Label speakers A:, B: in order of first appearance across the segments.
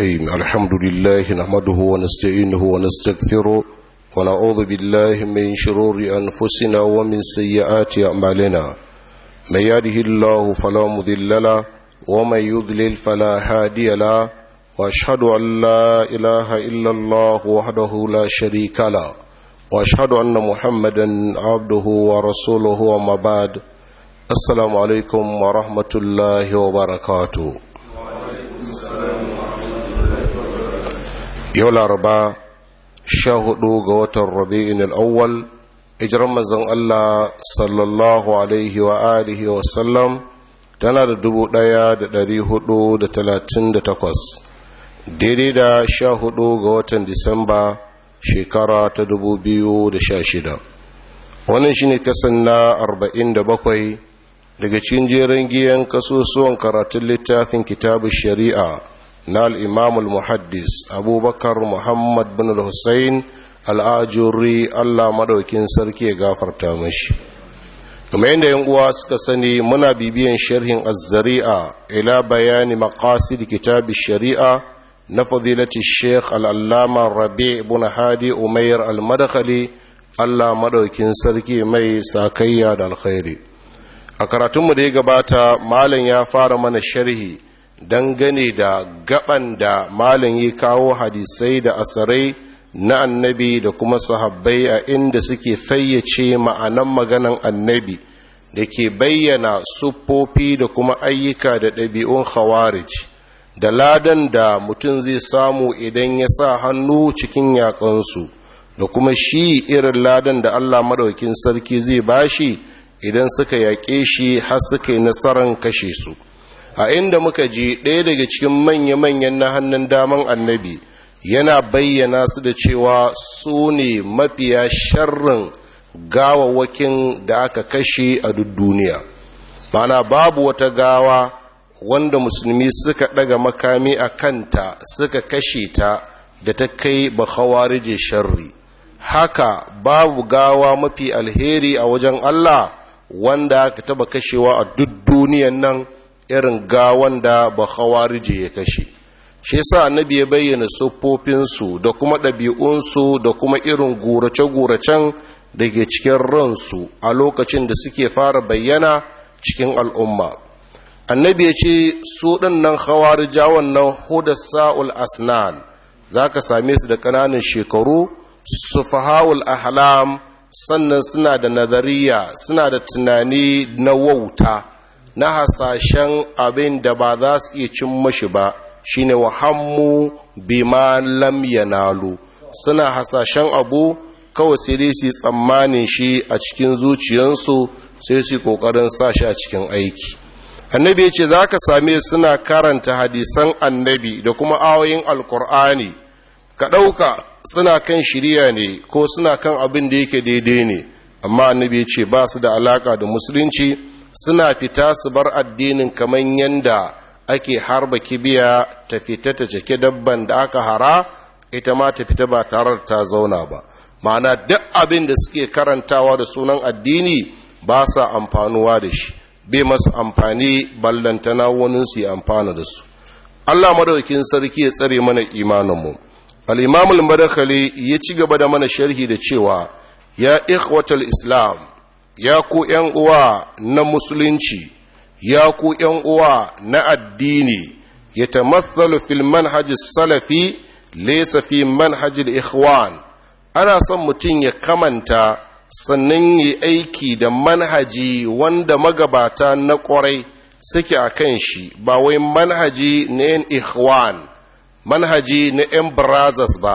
A: الرحيم الحمد لله نحمده ونستعينه ونستغفره ونعوذ بالله من شرور أنفسنا ومن سيئات أعمالنا من يهده الله فلا مضل له ومن يضلل فلا هادي له واشهد أن لا إله إلا الله وحده لا شريك له واشهد أن محمدا عبده ورسوله وما بعد السلام عليكم ورحمة الله وبركاته yau laraba sha hudu ga watan rabi'in al'awwal ijiran mazan Allah sallallahu alaihi wa alihi wa sallam tana da dubu daya da dari hudu da talatin da takwas daidai da sha hudu ga watan disamba shekara ta dubu biyu da sha shida wannan shine kasan na arba'in da bakwai daga cikin jerin giyan kasusuwan karatun littafin kitabu shari'a na al'imamul muhaddis abubakar muhammad bin hussein al'ajuri allah maɗaukin sarki ya gafarta mashi kuma yadda yan uwa suka sani muna bibiyan sharhin azzari'a ila bayani maqasid kitabin shari'a na fadilati sheikh al'allama rabi ibn hadi umair al-madakhali allah maɗaukin sarki mai sakayya da alkhairi a karatunmu da ya gabata malam ya fara mana sharhi dangane da gaban da malin yi kawo hadisai da asarai na annabi da kuma sahabbai a inda suke fayyace ma'anan maganan annabi da ke bayyana siffofi da kuma ayyuka da ɗabi'un khawarij da ladan da mutum zai samu idan ya sa hannu cikin yaƙansu da kuma shi irin ladan da allah maɗaukin sarki zai bashi idan suka yaƙe shi har suka yi nasarar kashe su a inda muka ji ɗaya daga cikin manya-manyan na hannun daman annabi yana bayyana su da cewa su ne mafiya sharrin gawawakin da aka kashe a duk duniya mana babu wata gawa wanda musulmi suka ɗaga makami a kanta suka kashe ta da ta kai ba hawarije sharri haka babu gawa mafi alheri a wajen Allah wanda aka taba kashewa a duk duniyan nan irin gawan da ba khawarije ya kashe shi sa annabi ya bayyana siffofinsu da kuma ɗabi'unsu da kuma irin gurace-guracen da ke cikin ransu a lokacin da suke fara bayyana cikin al'umma annabi ya ce su ɗinnan khawarijawan nan saul asnan za ka same su da ƙananan shekaru sufahawul ahlam sannan suna da nazariya suna da tunani na wauta na hasashen abin da ba za su iya cin mashi ba shine wa hammu bima yanalu suna hasashen abu kawai sai dai su tsammanin shi a cikin zuciyarsu sai su kokarin sa shi a cikin aiki annabi ya ce za ka same suna karanta hadisan annabi da kuma awoyin alkur'ani ka ɗauka suna kan shirya ne ko suna kan abin da yake daidai ne amma annabi ya ce ba su da alaƙa da musulunci suna fita su bar addinin kamar yanda ake harba kibiya ta fita ta cike dabban da aka hara ita ma ta fita ba tare ta zauna ba ma'ana duk abin da suke karantawa da sunan addini ba sa amfanuwa da shi bai masu amfani ballantana wani su yi amfana da su allah madaukin sarki ya tsare mana imaninmu al'imamul madakali ya ci gaba da mana sharhi da cewa ya ikwatal islam ya ku ‘yan uwa na musulunci, ya ku ‘yan uwa na addini, ya tamathalu fil manhaji salafi, lesa fi manhajil ikhwan, ana son mutum ya kamanta sannan yi aiki da manhaji wanda magabata na ƙwarai suke a kan shi, ba wai manhaji na ‘yan ikhwan, manhaji na ‘yan brazas ba.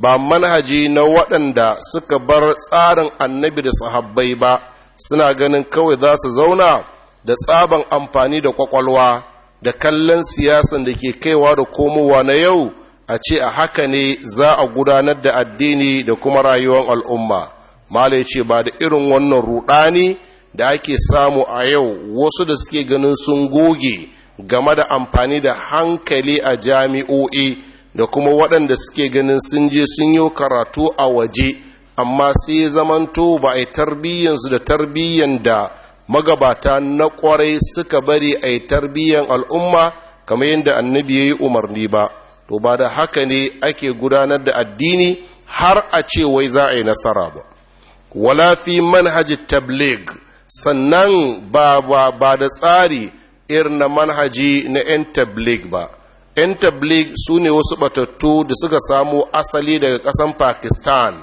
A: ba manhaji na waɗanda suka bar tsarin annabi da sahabbai ba suna ganin kawai za su zauna da tsaban amfani da kwakwalwa da kallon siyasan da ke kaiwa da komowa na yau a ce a haka ne za a gudanar da addini da kuma rayuwar al'umma malai ce ba da irin wannan rudani da ake samu a yau wasu da suke ganin sun goge game da amfani da hankali a jami'o'i da kuma waɗanda suke ganin sun je sun yi karatu a waje amma sai zamanto ba a yi tarbiyyansu da tarbiyyan da magabata na kwarai suka bari a yi tarbiyyan al'umma kamar yadda annabi ya yi umarni ba to ba da haka ne ake gudanar da addini har a ce wai za a yi nasara ba wala fi manhaji tablig sannan ba, ba, da tsari irin na manhaji na 'yan tablig ba 'yan tablig su ne wasu batattu da suka samo asali daga ƙasan pakistan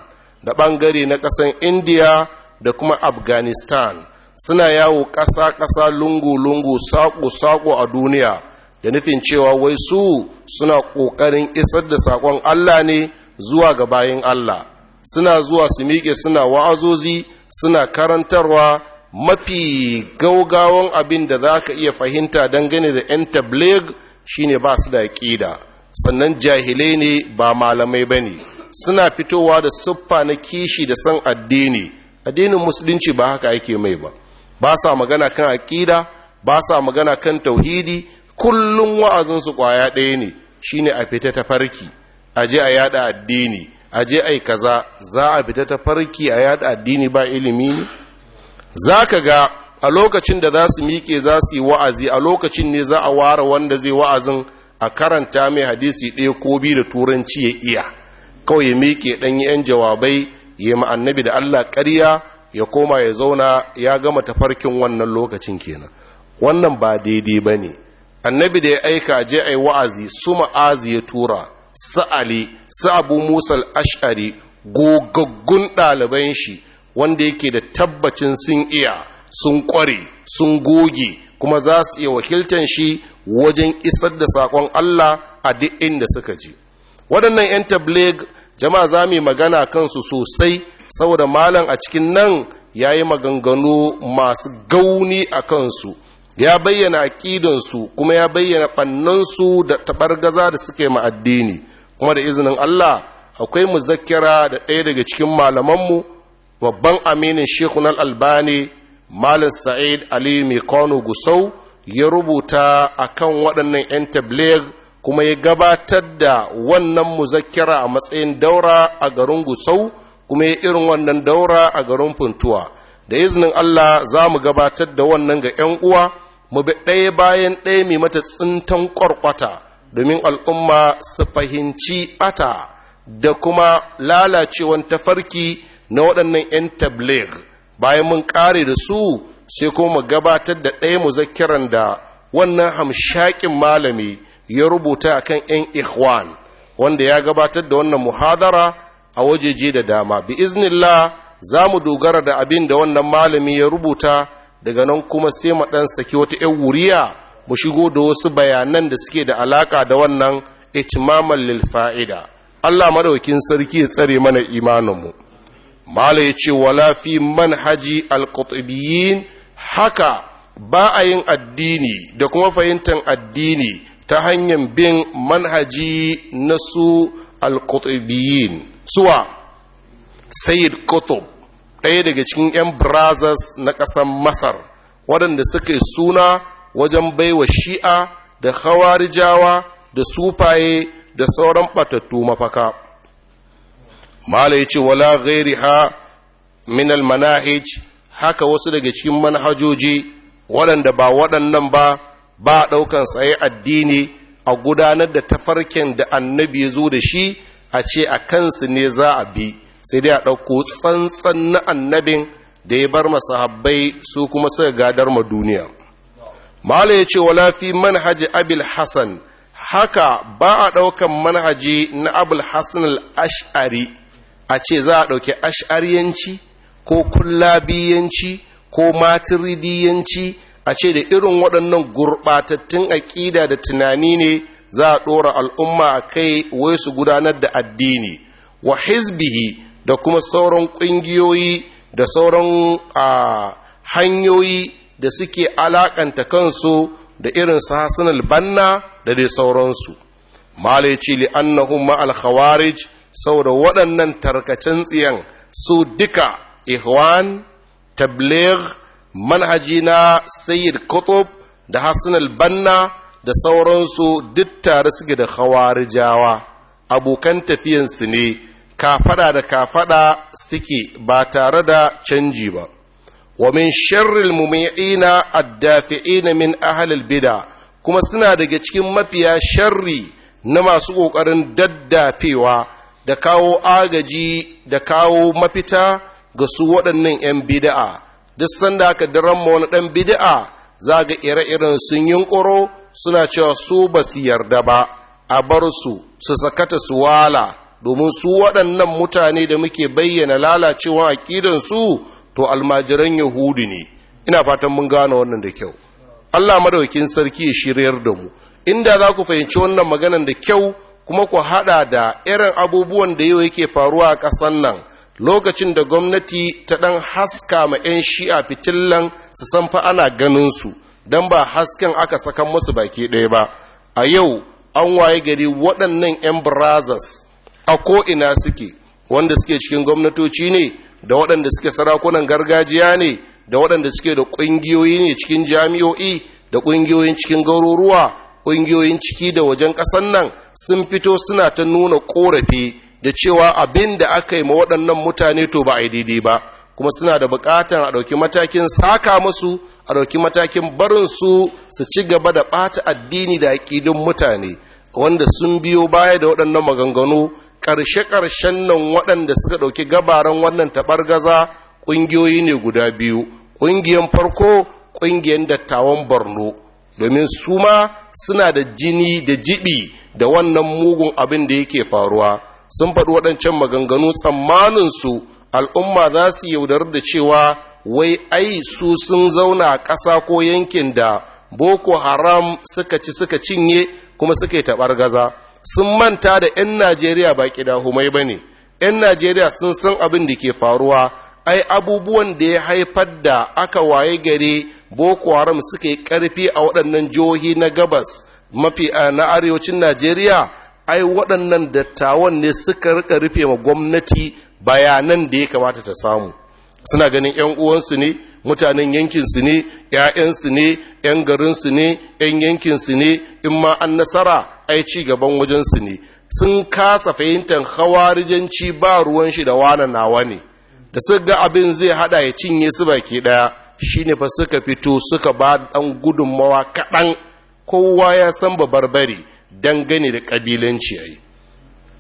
A: da ɓangare na ƙasan indiya da kuma afghanistan suna yawo ƙasa-ƙasa lungu-lungu saƙo-saƙo a duniya da nufin cewa wai su suna ƙoƙarin isar da saƙon allah ne zuwa ga bayan allah suna zuwa su miƙe suna wa'azozi suna karantarwa mafi gaugawan abin da za ka iya fahimta dangane da 'yan tablig shine ba su da ƙida sannan jahilai ne ba malamai ba ne suna fitowa da siffa na kishi da san addini addinin musulunci ba haka ake mai ba ba sa magana kan aƙida ba sa magana kan tauhidi kullum wa'azinsu ƙwaya ɗaya ne shine a fita ta farki a je a yada addini a je ai kaza za a fita ta farki a yada addini ba ilimi ne za ka ga a lokacin da za su miƙe za su yi wa'azi a lokacin ne za a ware wanda zai wa'azin a karanta mai hadisi ɗaya ko biyu da turanci ya iya kawai ya miƙe ɗan yan jawabai ya ma annabi da Allah ƙarya ya koma ya zauna ya gama tafarkin wannan lokacin kenan wannan ba daidai ba ne annabi da ya aika je a yi wa'azi su ma'azi ya tura su ali su abu musal ash'ari gogaggun ɗaliban shi wanda yake da tabbacin sun iya sun ƙware sun goge kuma za su iya wakiltan shi wajen isar da saƙon allah a duk inda suka je waɗannan 'yan tableg jama'a za mu magana kansu sosai saboda malam a cikin nan ya yi maganganu masu gauni a kansu ya bayyana aƙidansu kuma ya bayyana ɓannansu da taɓargaza da suke ma'addini. kuma da izinin Allah akwai zakkira da ɗaya daga cikin malamanmu babban aminin na albani Malam sa'id ali mai gusau ya rubuta akan waɗannan 'yan tableg kuma ya gabatar da wannan muzakkira a matsayin daura a garin gusau kuma ya irin wannan daura a garin funtuwa da izinin Allah za mu gabatar da wannan ga 'yan uwa mu bi ɗaya bayan ɗaya mai mata tsintan ƙwarƙwata domin al'umma su fahimci ɓata da kuma lalacewan tafarki na waɗannan 'yan tablir bayan mun ƙare da su sai kuma gabatar da ɗaya muzakkiran da wannan hamshakin malami ya rubuta a kan yan ikhwan wanda ya gabatar da wannan muhadara a wajeje da dama bi iznillah za mu dogara da abin da wannan malami ya rubuta daga nan kuma sai mu ɗan saki wata 'yan wuriya mu shigo da wasu bayanan da suke da alaka da wannan itimaman lil fa'ida Allah madaukin sarki ya tsare mana imaninmu mala ya ce wala fi manhaji alqutbiyyin haka ba a yin addini da kuma fahimtar addini ta hanyar bin manhaji na su al suwa sayyid kutub ɗaya daga cikin 'yan brazas na ƙasar masar waɗanda suka yi suna wajen baiwa shi'a da hawarijawa da sufaye da sauran ɓatattu mafaka malayci wala gairi ha minal manahij haka wasu daga cikin manhajoji waɗanda ba waɗannan ba ba ɗaukan tsaye addini a gudanar da tafarkin da annabi ya zo da shi a ce a kansu ne za a bi sai dai a ɗauko tsantsan na annabin da ya bar masahabbai su kuma suka gadar ma duniya mala ya ce wa lafi manhaji abil hassan haka ba a ɗaukan manhaji na abul hassan al'ash'ari a ce za a ɗauki ash'ariyanci ko kullabiyanci ko matiridiyanci a ce da irin waɗannan gurɓatattun aƙida da tunani ne za a ɗora al'umma a kai wai su gudanar da addini wa hizbihi da kuma sauran ƙungiyoyi da sauran hanyoyi da suke alaƙanta kansu da irin sahasinal banna da dai sauransu malaici li annahum ma'al khawarij saboda waɗannan tarkacen tsiyan su duka ihwan tabligh manhaji na sayyid kutub da hassan Banna da sauransu duk tare suke da khawarijawa abokan tafiyansu ne kafada da kafada suke ba tare da canji ba wa min sharril mumi'ina addafi'ina min ahlil bid'a kuma suna daga cikin mafiya sharri na masu ƙoƙarin daddafewa da kawo agaji da kawo mafita ga su waɗannan 'yan bida'a duk sanda aka diran ma wani ɗan bida'a, za ga ire-iren sun yunkuro suna cewa su ba su yarda ba a bar su su sakata su wala domin su waɗannan mutane da muke bayyana lalacewa aƙidan su to almajiran yahudi ne ina fatan mun gane wannan da kyau Allah madaukin sarki ya shiryar da mu inda za ku fahimci wannan maganan da kyau kuma ku haɗa da irin abubuwan da yau yake faruwa a ƙasan nan lokacin da gwamnati ta ɗan haska ma 'yan shi'a fitillan su san fa ana ganinsu don ba hasken aka sakan musu baki ɗaya ba a yau an waye gari waɗannan 'yan brazas a ko'ina suke wanda suke cikin gwamnatoci ne da waɗanda suke sarakunan gargajiya ne da waɗanda suke da ƙungiyoyi ne cikin jami'o'i da ƙungiyoyin cikin garuruwa ƙungiyoyin ciki da wajen ƙasan nan sun fito suna ta nuna ƙorafi da cewa abin da aka yi ma waɗannan mutane to ba a yi daidai ba kuma suna da buƙatar a ɗauki matakin saka musu a ɗauki matakin barin su su ci gaba da ɓata addini da aƙidin mutane wanda sun biyo baya da waɗannan maganganu ƙarshe-ƙarshen nan waɗanda suka ɗauki gabaran wannan taɓargaza ƙungiyoyi ne guda biyu ƙungiyan farko ƙungiyan dattawan borno domin su ma suna da jini da jibi da wannan mugun abin da yake faruwa sun faɗi waɗancan maganganu tsammaninsu al'umma za su yaudar da cewa wai ai su sun zauna a ƙasa ko yankin da boko haram suka ci suka cinye kuma suka yi taɓar gaza sun manta da 'yan najeriya ba ƙida humai ba ne 'yan najeriya sun san abin da ke faruwa ai abubuwan da ya haifar da aka waye gare boko haram suka yi ƙarfi a waɗannan jihohi na gabas mafi eh, na arewacin najeriya ai waɗannan dattawan ne suka rika rufe ma gwamnati bayanan da ya kamata ta samu suna ganin 'yan uwansu ne mutanen yankinsu ne 'ya'yansu ne 'yan garinsu ne 'yan yankinsu ne in ma an nasara ai ci gaban wajensu ne sun kasa fahimtar hawarijanci ba ruwan shi da wani nawa ne da suka ga abin zai hada ya cinye su baki daya shine fa suka fito suka ba dan gudunmawa kaɗan kowa ya san babarbare dangane da ƙabilanci a yi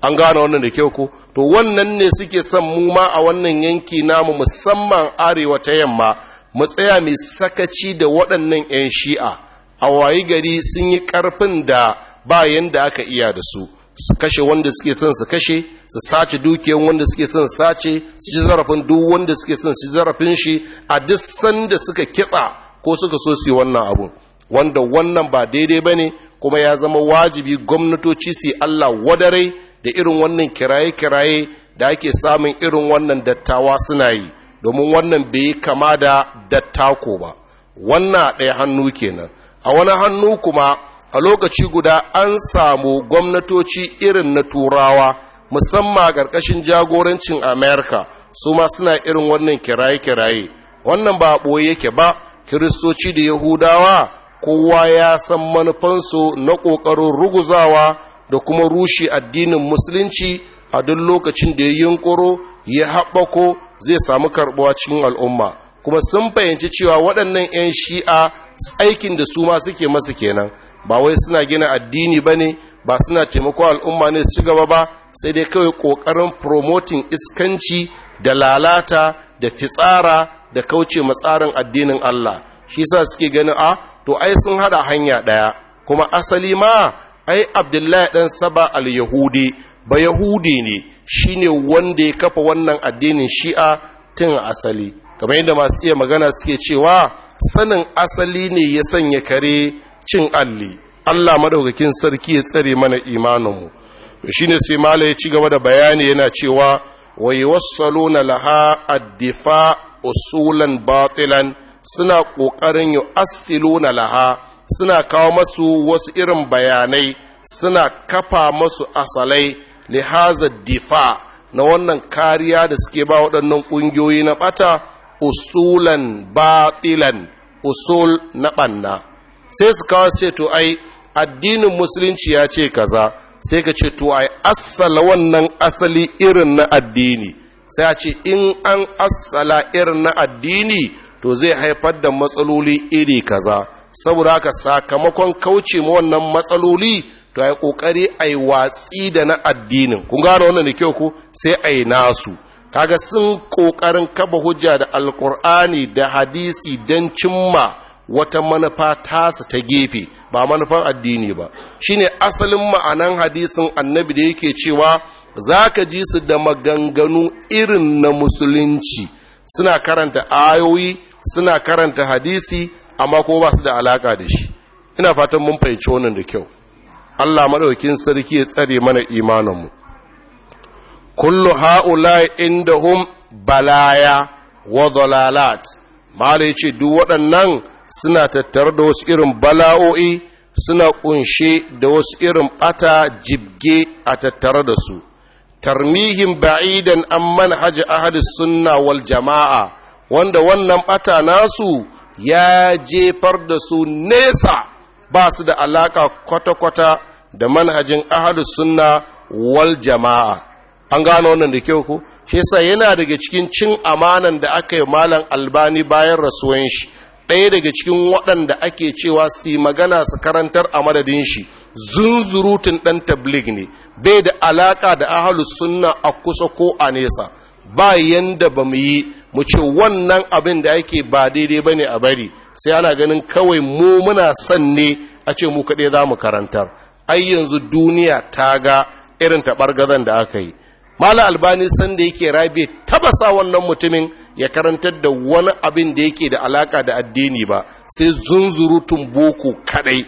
A: an gane wannan da kyau ko to wannan ne suke son mu ma a wannan yanki namu musamman arewa ta yamma matsaya mai sakaci da waɗannan 'yan shi'a a wayi gari sun yi ƙarfin da bayan da aka iya da su su kashe wanda suke son su kashe su sace dukiyar wanda suke son sace su ci zarafin duk wanda suke son su zarafin shi a duk sanda suka kitsa ko suka so su yi wannan abu wanda wannan ba daidai ba ne kuma ya zama wajibi gwamnatoci su Allah wadare da irin wannan kiraye-kiraye da ake samun irin wannan dattawa suna yi domin wannan bai kama da dattako ba wannan ɗaya hannu kenan a wani hannu kuma a lokaci guda an samu gwamnatoci irin na turawa musamman a ƙarƙashin jagorancin amerika su ma suna irin wannan kiraye-kiraye wannan ba ɓoye yake ba kiristoci da yahudawa kowa ya san manufansu na ƙoƙarin ruguzawa da kuma rushe addinin musulunci a duk lokacin da ya yunkuro ya haɓako zai samu karɓuwa cikin al'umma kuma sun fahimci cewa waɗannan 'yan shi'a aikin da su ma suke masu kenan ba wai suna gina addini ba ne ba suna taimako al'umma ne su ci gaba ba sai dai kawai ƙoƙarin promoting iskanci da lalata da fitsara da kauce matsarin addinin Allah shi sa suke ganin a ah, to ai sun hada hanya ɗaya kuma asali ma ai abdullahi ɗan saba al-yahudi ba yahudi ne shine wanda ya kafa wannan addinin shi'a tun asali kamar yadda masu iya magana suke cewa sanin asali ne ya sanya kare cin alli allah madaukakin sarki ya tsare mana imaninmu shine sai mala ya ci gaba da bayani yana cewa wa yuwassaluna laha ad-difa usulan batilan suna ƙoƙarin yi na laha suna kawo masu wasu irin bayanai suna kafa masu asalai lihaza difa na wannan kariya da suke ba waɗannan ƙungiyoyi na ɓata usulan batilan usul na ɓanna sai su kawo ce to ai addinin musulunci ya ce kaza sai ka ce to ai asala wannan asali irin na addini sai a ce in an asala irin na addini to zai haifar da matsaloli iri kaza saboda haka sakamakon kauce mu wannan matsaloli to ai kokari ai watsi da na addinin kun gano wannan da kyau ko sai ai nasu kaga sun kokarin kaba hujja da alkur'ani da hadisi dan cimma wata manufa tasa ta gefe ba manufan addini ba shine asalin ma'anan hadisin annabi da yake cewa zaka ji su da maganganu irin na musulunci suna karanta ayoyi suna karanta hadisi amma ko ba su da alaka da shi ina fatan mun fahimci wannan da kyau Allah madaukin sarki ya tsare mana imaninmu kullu ha'ula'i indahum balaya wa dhalalat malai ce duk waɗannan suna tattare da wasu irin bala'o'i suna kunshe da wasu irin ɓata jibge a tattare da su tarmihin ba'idan an manhaji ahadis sunna wal jama'a wanda wannan ɓata nasu ya jefar da su nesa ba su da alaƙa kwata-kwata da manhajin ahadu sunna wal jama'a an gano wannan da kyau ko shi sa yana daga cikin cin amanan da aka yi malam albani bayan rasuwan shi ɗaya daga cikin waɗanda ake cewa su magana su karantar a madadin shi zunzurutun ɗan tablig ne bai da alaƙa da ahalus sunna a kusa ko a nesa ba yanda ba mu yi mu ce wannan abin da ake ba daidai ba ne a bari sai ana ganin kawai mu muna son ne a ce mu kaɗai za mu karantar ai yanzu duniya ta ga irin taɓargazan da aka yi mala albani san da yake rabe tabasa wannan mutumin ya karantar da wani abin da yake da alaka da addini ba sai zunzurutun boko kadai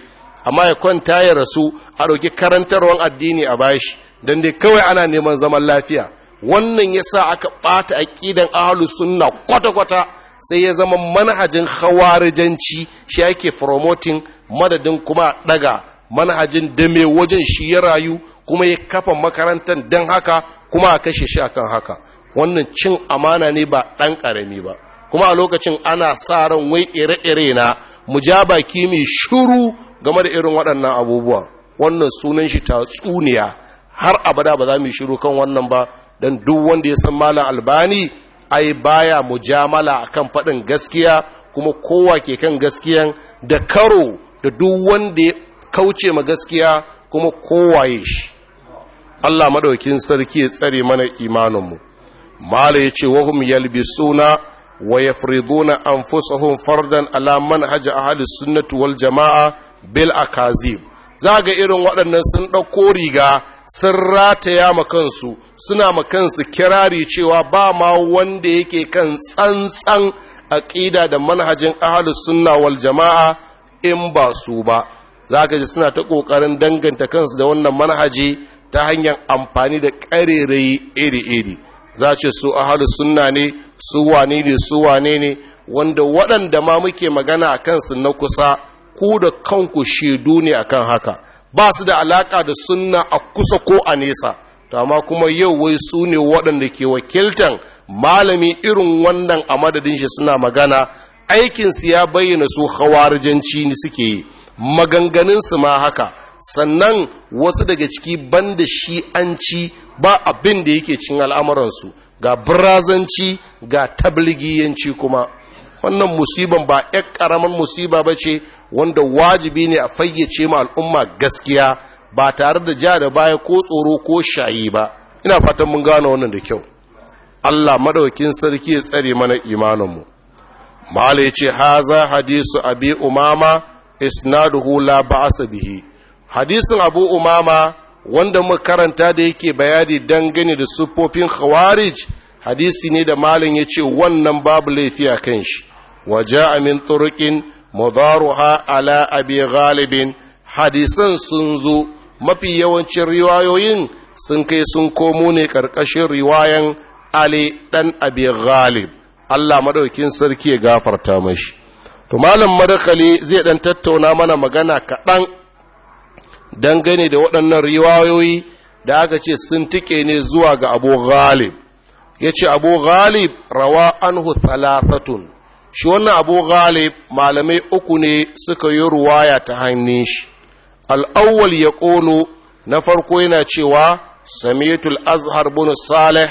A: amma ya kwanta ya rasu a ɗauki karantarwar addini a bashi don dai kawai ana neman zaman lafiya wannan ya sa aka ɓata aƙidan ahalus sunna kwata-kwata sai ya zama manhajin hawarijanci shi ake promoting madadin kuma daga manhajin da mai wajen shi ya rayu kuma ya kafa makarantar don haka kuma a kashe shi akan haka wannan cin amana ne ba ɗan ƙarami ba kuma a lokacin ana sa ran wai ire-ire na mu ja baki mai shuru game da irin waɗannan abubuwa wannan sunan shi tatsuniya har abada ba za mu shiru kan wannan ba don duk wanda ya san malam albani ai baya mujamala akan faɗin gaskiya kuma kowa ke kan gaskiyan da karo da duk wanda ya kauce ma gaskiya kuma ya shi Allah madaukin sarki ya tsare mana imaninmu mala ya ce wahum yalbisuna wa yafriduna anfusahum fardan ala a ahli sunnati wal jamaa bil akazib ga irin waɗannan sun ɗauko riga sun rataya ma kansu suna ma kansu kirari cewa ba ma wanda yake kan tsantsan aƙida da manhajin ahalus sunna wal jama'a in ba su ba za ka ji suna ta ƙoƙarin danganta kansu da wannan manhaji ta hanyar amfani da ƙarerayi iri-iri za ce su ahalus sunna ne su wane ne su wane ne wanda waɗanda ma muke magana a kansu na kusa ku da kanku shaidu ne akan haka ba su da alaka da sunna a kusa ko a nesa to amma kuma yau wai su ne waɗanda ke wakiltan malami irin wannan a madadin shi suna magana aikinsu ya bayyana su hawarijanci ne suke yi maganganunsu ma haka sannan wasu daga ciki banda shi'anci ba abin da yake cin al'amuransu ga birazanci ga tabligiyanci kuma wannan musiban ba ƴar ƙaramin musiba ba ce wanda wajibi ne a fayyace ma al'umma gaskiya ba tare da ja da baya ko tsoro ko shayi ba ina fatan mun gane wannan da kyau Allah maɗaukin sarki ya tsare mana imaninmu mala ya ce haza hadisu abi umama isnaduhu la ba'asa bihi hadisin abu umama wanda muka karanta da yake bayani dangane da siffofin khawarij hadisi ne da malin ya ce wannan babu laifi a kan shi waje amin turukin mudaruha ala abi galibin hadisan sun zo mafi yawancin riwayoyin sun kai sun komo ne ƙarƙashin riwayan ali ɗan abi galib allah maɗaukin sarki ya gafarta mashi to malam madakali zai ɗan tattauna mana magana kaɗan dangane da waɗannan riwayoyi da aka ce sun tike ne zuwa ga abu galib ya ce abu ghalib rawa anhu thalathatun shi wannan abu ghalib malamai uku ne suka yi ruwaya ta hannun shi al'awwal ya ƙolo na farko yana cewa samitul azhar bin salih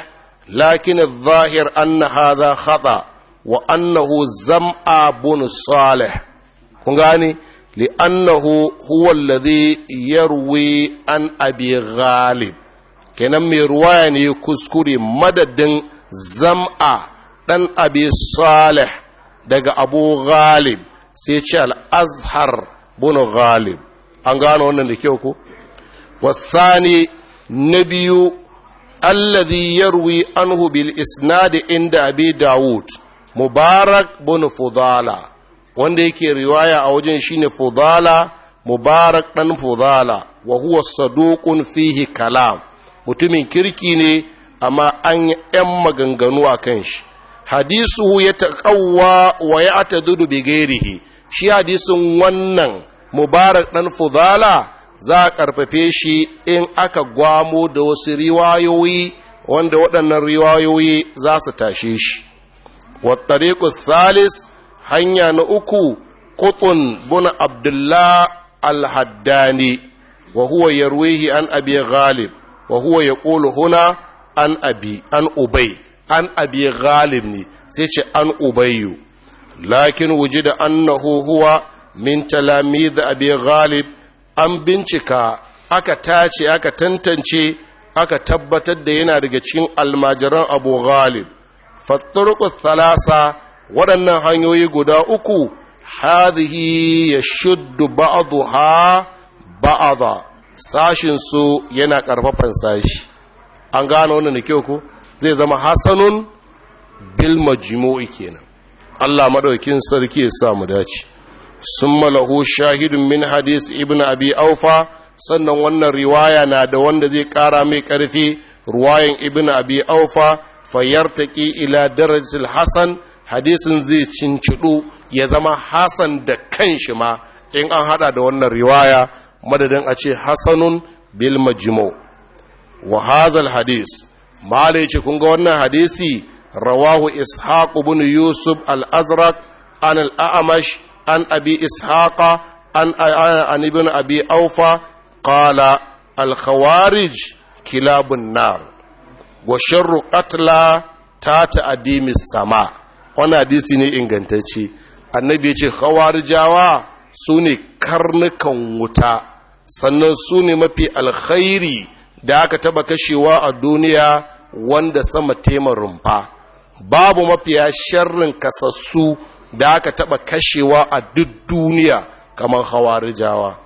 A: lakin zahir anna hadha khata wa annahu zam'a bin salih kun gane li'annahu huwa alladhi yarwi an abi ghalib kenan mai ruwaya ne kuskure madadin zam'a ɗan abi salih daga abu ghalib sai ce al'azhar bunu ghalib an gano wannan da kyau ku wasani na biyu alladhi yarwi anhu bil isnadi inda abi dawud mubarak bunu fudala wanda yake riwaya a wajen shine fudala mubarak dan fudala wa huwa saduqun fihi kalam mutumin kirki ne amma an yi 'yan maganganu a kan shi hadisu ya taƙawwa wa ya ta dudu bigerihi shi hadisin wannan mubarak ɗan fudala za a ƙarfafe shi in aka gwamo da wasu riwayoyi wanda waɗannan riwayoyi za su tashe shi wattariku salis hanya na uku kutun buna abdullah al-haddani wa huwa yarwihi an abi ghalib wa ya yaqulu huna an abi an ubay ne sai ce an ubayyu lakin wujida annahu huwa min talamid abi ghalib an bincika aka tace aka tantance aka tabbatar da yana daga cikin almajiran abu ghalib fatturuku talasa waɗannan hanyoyi guda uku hadhihi yashuddu ba'daha ba'dha sashinsu yana ƙarfafan sashi an gano wannan da kyau ko zai zama hasanun bilma kenan Allah maɗaukin sarki ya sa dace Sun malahu shahidun min hadis ibn abi aufa sannan wannan riwaya na da wanda zai ƙara mai karfi ruwayan ibn abi aufa fayartaki ila darajatil hasan hadisin zai cincidu ya zama hasan da kanshi ma in an hada da wannan riwaya madadin a ce hasanun bil majmu wa hazal hadis malai ce kun ga wannan hadisi rawahu ishaq ibn yusuf al-azraq an al-a'mash an abi ishaqa an an ibn abi aufa qala al-khawarij kilabun nar wa sharru qatla ta ta'dimi sama wannan hadisi ne ingantacce annabi ya ce khawarijawa su ne karnukan wuta sannan su ne mafi alkhairi da aka taba kashewa a duniya wanda sama tema rumfa babu mafiya sharrin kasassu da aka taba kashewa a duk duniya kamar hawarijawa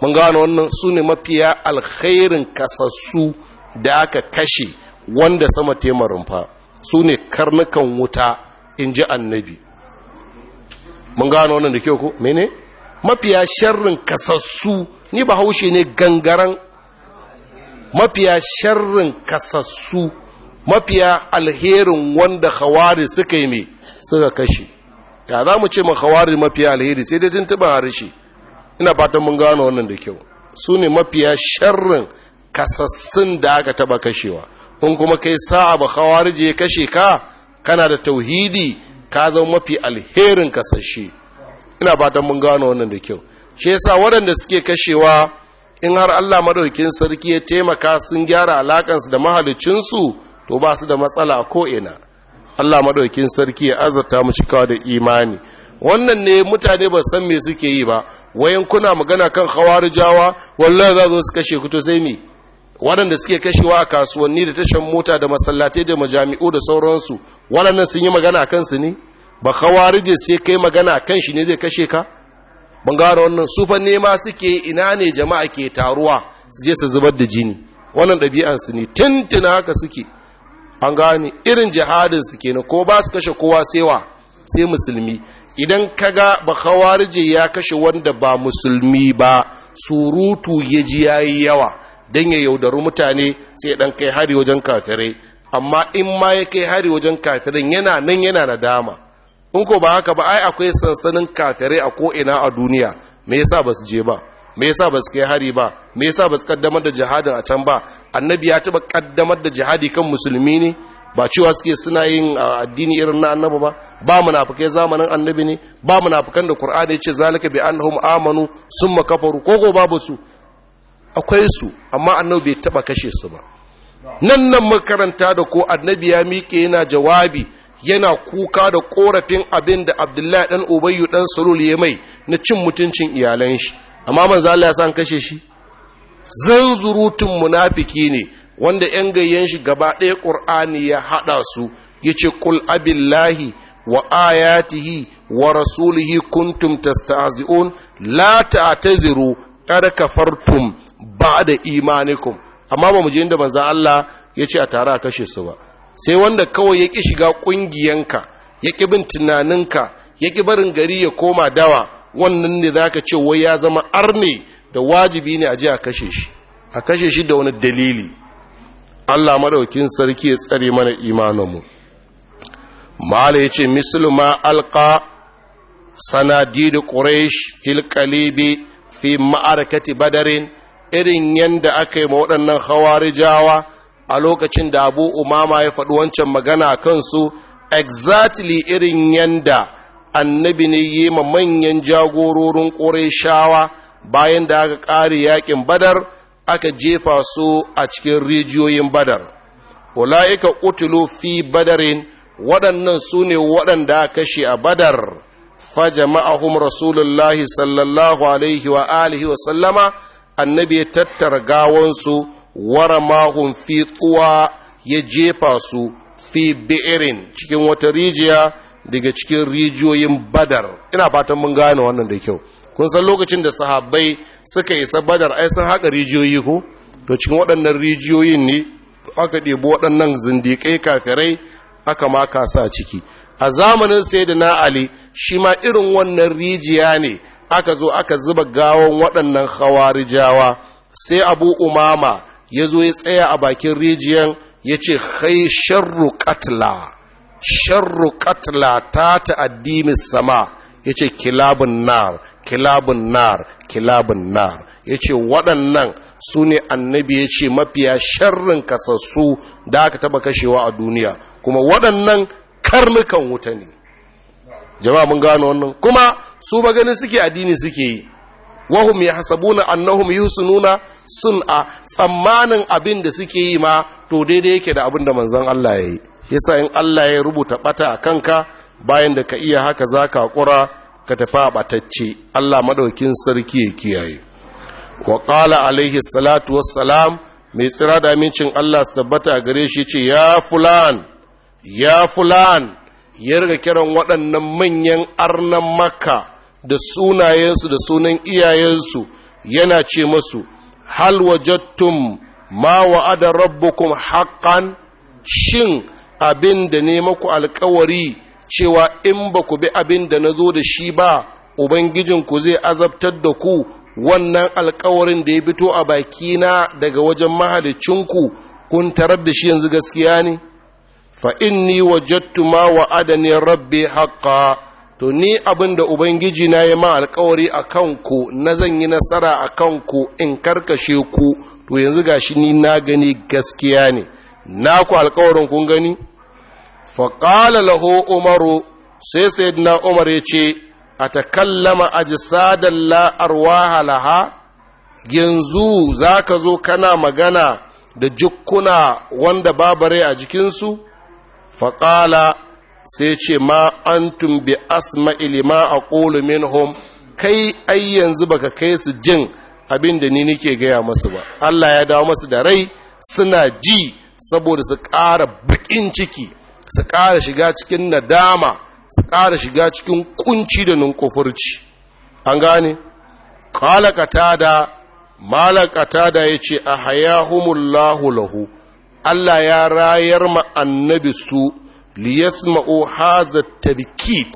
A: mun gano wannan su ne mafiya alkhairin kasassu da aka kashe wanda sama tema rumfa su ne karnukan wuta in ji annabi mun gano wannan da kyau ko mene mafiya sharrin kasassu ni ba haushe ne gangaran mafiya sharrin kasassu mafiya alherin wanda khawari suka yi mai suka kashe ya za mu ce ma khawari mafiya alheri sai dai tuntuban harshe ina fatan mun gano wannan da kyau su ne mafiya sharrin kasassun da aka taba kashewa in kuma kai sa'a ba khawarije ya kashe ka kana da tauhidi ka zama mafi alherin kasashe ina fatan mun gano wannan da kyau shi yasa waɗanda suke kashewa in har Allah madaukin sarki ya taimaka sun gyara alakansu da mahalicinsu to ba su da matsala ko ina Allah madaukin sarki ya azurta mu cikawa da imani wannan ne mutane ba san me suke yi ba wayan kuna magana kan khawarijawa wallahi za zo su kashe ku to sai me waɗanda suke kashewa a kasuwanni da tashan mota da masallatai da majami'u da sauransu waɗannan sun yi magana kansu ne ba kawarije sai kai magana kan shi ne zai kashe ka ban gano wannan Sufan nema suke ina ne jama'a ke taruwa su je su zubar da jini wannan ɗabi'an su ne tuntuna haka suke an gane irin jihadin su kenan ko ba su kashe kowa sewa sai musulmi idan ka ba kawarije ya kashe wanda ba musulmi ba surutu ya ji ya yi yawa don ya yaudaru mutane sai dan kai hari wajen kafirai amma in ma ya kai hari wajen kafirin yana nan yana nadama in ko ba haka ba ai akwai sansanin kafirai a ko'ina a duniya me yasa ba su je ba me yasa ba su kai hari ba me yasa ba su kaddamar da jihadin a can ba annabi ya taba kaddamar da jihadi kan musulmi ne ba cewa suke suna yin addini irin na annabi ba ba munafikai zamanin annabi ne ba munafikan da qur'ani yace zalika bi annahum amanu summa kafaru ko babu su akwai su amma annabi bai taba kashe su ba nan nan makaranta da ko annabi ya miƙe yana jawabi yana kuka da korafin abin da abdullahi ɗan ubayyu ɗan sulul ya mai na cin mutuncin iyalan shi amma man zala ya san kashe shi zanzurutun munafiki ne wanda yan gayyen shi gaba ɗaya ƙur'ani ya haɗa su ya yace qul abillahi wa ayatihi wa rasulihi kuntum tastahzi'un la ta'taziru qad kafartum ba'da imanikum amma ba mu je inda manzo Allah yace a tare a kashe su ba sai wanda kawai ya ƙi shiga ƙungiyanka ya ƙi bin tunaninka ya ƙi barin gari ya koma dawa wannan ne za ka ce wai ya zama arne da wajibi ne a je a kashe shi a kashe shi da wani dalili allah maɗaukin sarki ya tsare mana imaninmu mala ya ce musulma alƙa sanadi da ƙuraish fil fi ma'arakati badarin irin yadda aka yi ma waɗannan hawarijawa a lokacin da abu umama ya faɗi wancan magana kansu exactly irin yanda annabi ne yi ma manyan jagororin ƙorai shawa bayan da aka ƙare yakin badar aka jefa su a cikin rijiyoyin badar ula'ika utulu fi badarin waɗannan su ne waɗanda aka kashe a badar fajama'ahum rasulullahi sallallahu alaihi wa alihi wa sallama annabi ya tattara gawansu Waramahun fi tsuwa ya jefa su fi bi'irin cikin wata rijiya daga cikin rijiyoyin badar ina fatan mun gane wannan da kyau kun san lokacin da sahabbai suka isa badar ai sun haka rijiyoyi ko to cikin waɗannan rijiyoyin ne aka ɗebi waɗannan zindiƙai kafirai aka maka sa ciki a zamanin sai da na ali shi ma irin wannan rijiya ne aka zo aka zuba gawon waɗannan hawarijawa sai abu umama ya zo ya tsaya a bakin rijiyar ya ce hai sharru katla sharru katla ta ta'addi sama ya ce kilabin nar kilabin nar kilabun nar ya ce waɗannan su ne annabi ya ce mafiya sharrin kasassu da aka taba kashewa a duniya kuma waɗannan karnukan wuta ne jama'a mun gano wannan kuma su ba gani suke addini suke yi wahum yahsabuna annahum yusununa a tsammanin abin da suke yi ma to daidai yake da abin da manzon Allah yayi yasa in Allah ya rubuta bata a kanka bayan da ka iya haka za ka kura, ka tafi a batacce Allah madaukin sarki ya kiyaye wa qala alaihi salatu wassalam mai tsira da amincin Allah su tabbata gare shi ce ya fulan ya fulan ya riga kiran waɗannan manyan arnan makka da sunayensu da sunan iyayensu yana ce masu hal wajattum ma wa'ada rabbukum haqqan shin abin da ne maku alkawari cewa in ba ku bi abin da na zo da shi ba ku zai azabtar da ku wannan alkawarin da ya fito a bakina daga wajen mahalicinku kun tarar da shi yanzu gaskiya ne fa inni wajattu ma wa'adani rabbi haqqan to ni abin da ubangiji na ya ma alkawari a kanku na zan yi nasara a kanku in karkashe ku to yanzu gashi ni na gani gaskiya ne na ku alkawarin kun gani faƙala laho umaru sai sai na umar ya ce a takallama ajisadan la arwaha laha yanzu za ka zo kana magana da jukkuna wanda babare a jikinsu faƙala sai ce ma antum bi asma'ili ma aqulu minhum kai ai yanzu baka kai su jin abin da ni nike gaya masu ba Allah ya dawo masu da rai suna ji saboda su ƙara baƙin ciki su ƙara shiga cikin nadama su ƙara shiga cikin ƙunci da nunkufurci an gane kalakata da malakata da ya ce a hayahumullahu lahu Allah ya rayar ma annabi su liyasma'u haza tabkit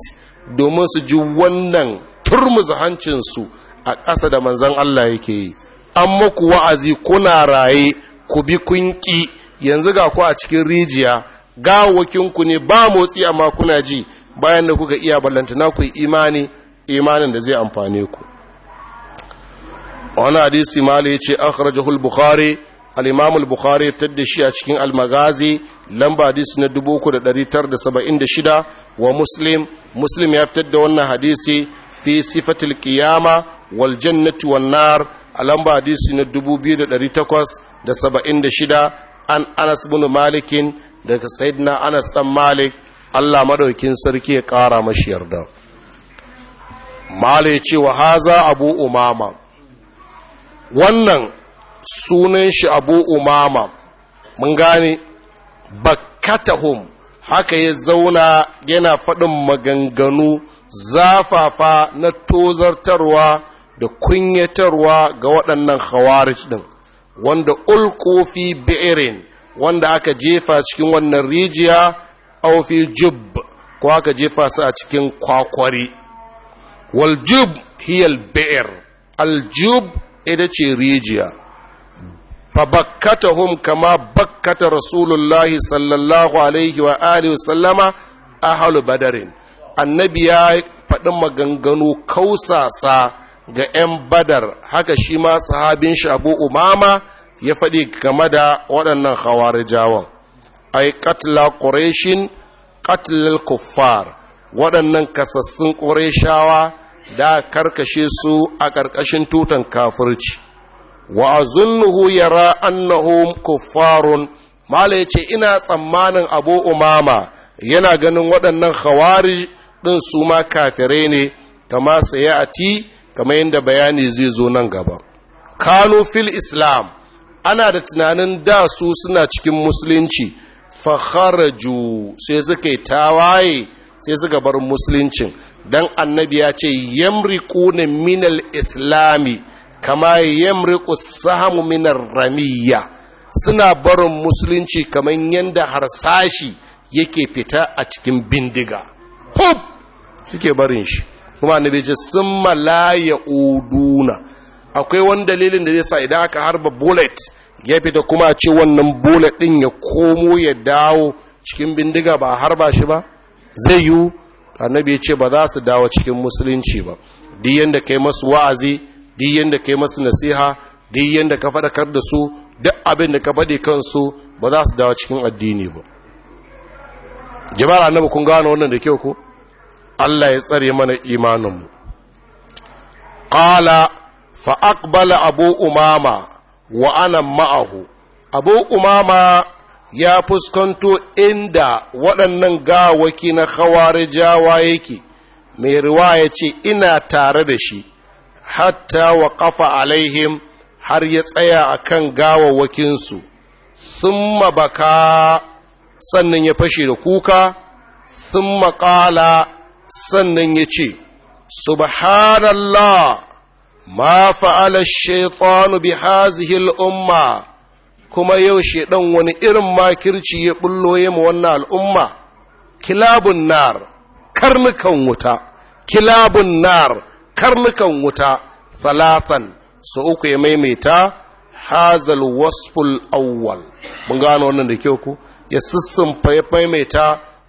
A: domin su ji wannan hancin hancinsu a ƙasa da manzan Allah yake yi an muku wa'azi kuna raye ku bi kunki yanzu ga ku a cikin rijiya gawakinku ne ba motsi amma kuna ji bayan da kuka iya ballantana ku imani imanin da zai amfane ku wani hadisi mali yace ce akhrajahu al-bukhari al'imamul bukhari ya fitar da shi a cikin almagazi lamba hadisi na 3,976 wa muslim muslim ya fitar da wannan hadisi fi sifatil qiyama wal jannati a lamba hadisi na 2,876 an anas bin malikin daga sayyidina anas ɗan malik allah maɗaukin sarki ya ƙara mashi yarda mala ya ce wa haza abu umama wannan sunan shi abu umama mun gane bakkatahum haka ya zauna yana faɗin maganganu zafafa na tozartarwa da kunyatarwa ga waɗannan khawarij ɗin wanda ulkofi bi'irin wanda aka jefa cikin wannan rijiya aufi jub ko aka jefa su a cikin kwakwari waljub hiyal bi'ir aljub ita ce rijiya فبكتهم كما بكت رسول الله صلى الله عليه وآله وسلم أهل بدر النبي يا faɗin maganganu kausasa ga 'yan badar haka shi ma sahabin shi abu umama ya faɗi game da waɗannan a ai katla ƙureshin katlal kuffar waɗannan kasassun ƙureshawa da karkashe su a ƙarƙashin tutan kafirci wa azunnuhu yara annahum kuffarun mala yace ina tsammanin abu umama yana ganin waɗannan khawari ɗin su ma kafirai ne kama ti, kama yadda bayani zai zo nan gaba kanu fil islam ana da tunanin da su suna cikin musulunci fakharaju sai suka yi tawaye sai suka bar musuluncin dan annabi ya ce yamriquna minal islami kama yamriku sahamu minar ramiyya suna barin musulunci kamar yadda harsashi yake fita a cikin bindiga hop suke barin shi kuma annabi ce sun malaya uduna akwai wani dalilin da zai sa idan aka harba bullet ya fita kuma a ce wannan bullet din ya komo ya dawo cikin bindiga ba harba shi ba zai yiwu annabi ya ce ba za su dawo cikin musulunci ba duk yadda kai masu wa'azi duk ka yi masu nasiha duk yadda ka faɗakar da su duk abin da ka faɗi kansu ba za su dawo cikin addini ba jimara annabi kun gano wannan da kyau ku? Allah ya tsare mana imaninmu qala fa akbala abu umama wa ana ma'ahu abu umama ya fuskanto inda waɗannan gawaki na jawa yake mai Ruwa ya ce ina tare da shi hatta wa ƙafa alaihim har ya tsaya a kan gawawwakinsu sun baka sannan ya fashe da kuka sun maƙala sannan ya ce subhanallah ma fa'ala shaitanu bi hazihil umma kuma yau shaidan wani irin makirci ya bullo ya wannan al'umma kilabun nar karnukan wuta kilabun nar karnukan wuta talatan su uku ya maimaita hazal wasful awwal mun gano wannan da kyau ku ya sissimfa ya maimaita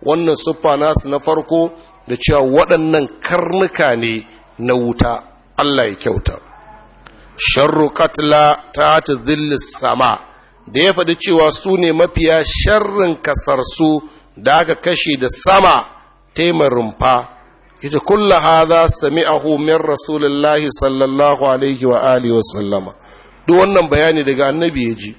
A: wannan suffa nasu na farko da cewa waɗannan karnuka ne na wuta Allah ya kyauta sharru qatla ta ta zillis sama da ya faɗi cewa su ne mafiya sharrin kasarsu da aka kashe da sama taimarin rumfa yace kulla hadha sami'ahu min rasulillahi sallallahu alaihi wa alihi wa sallama duk wannan bayani daga annabi ya ji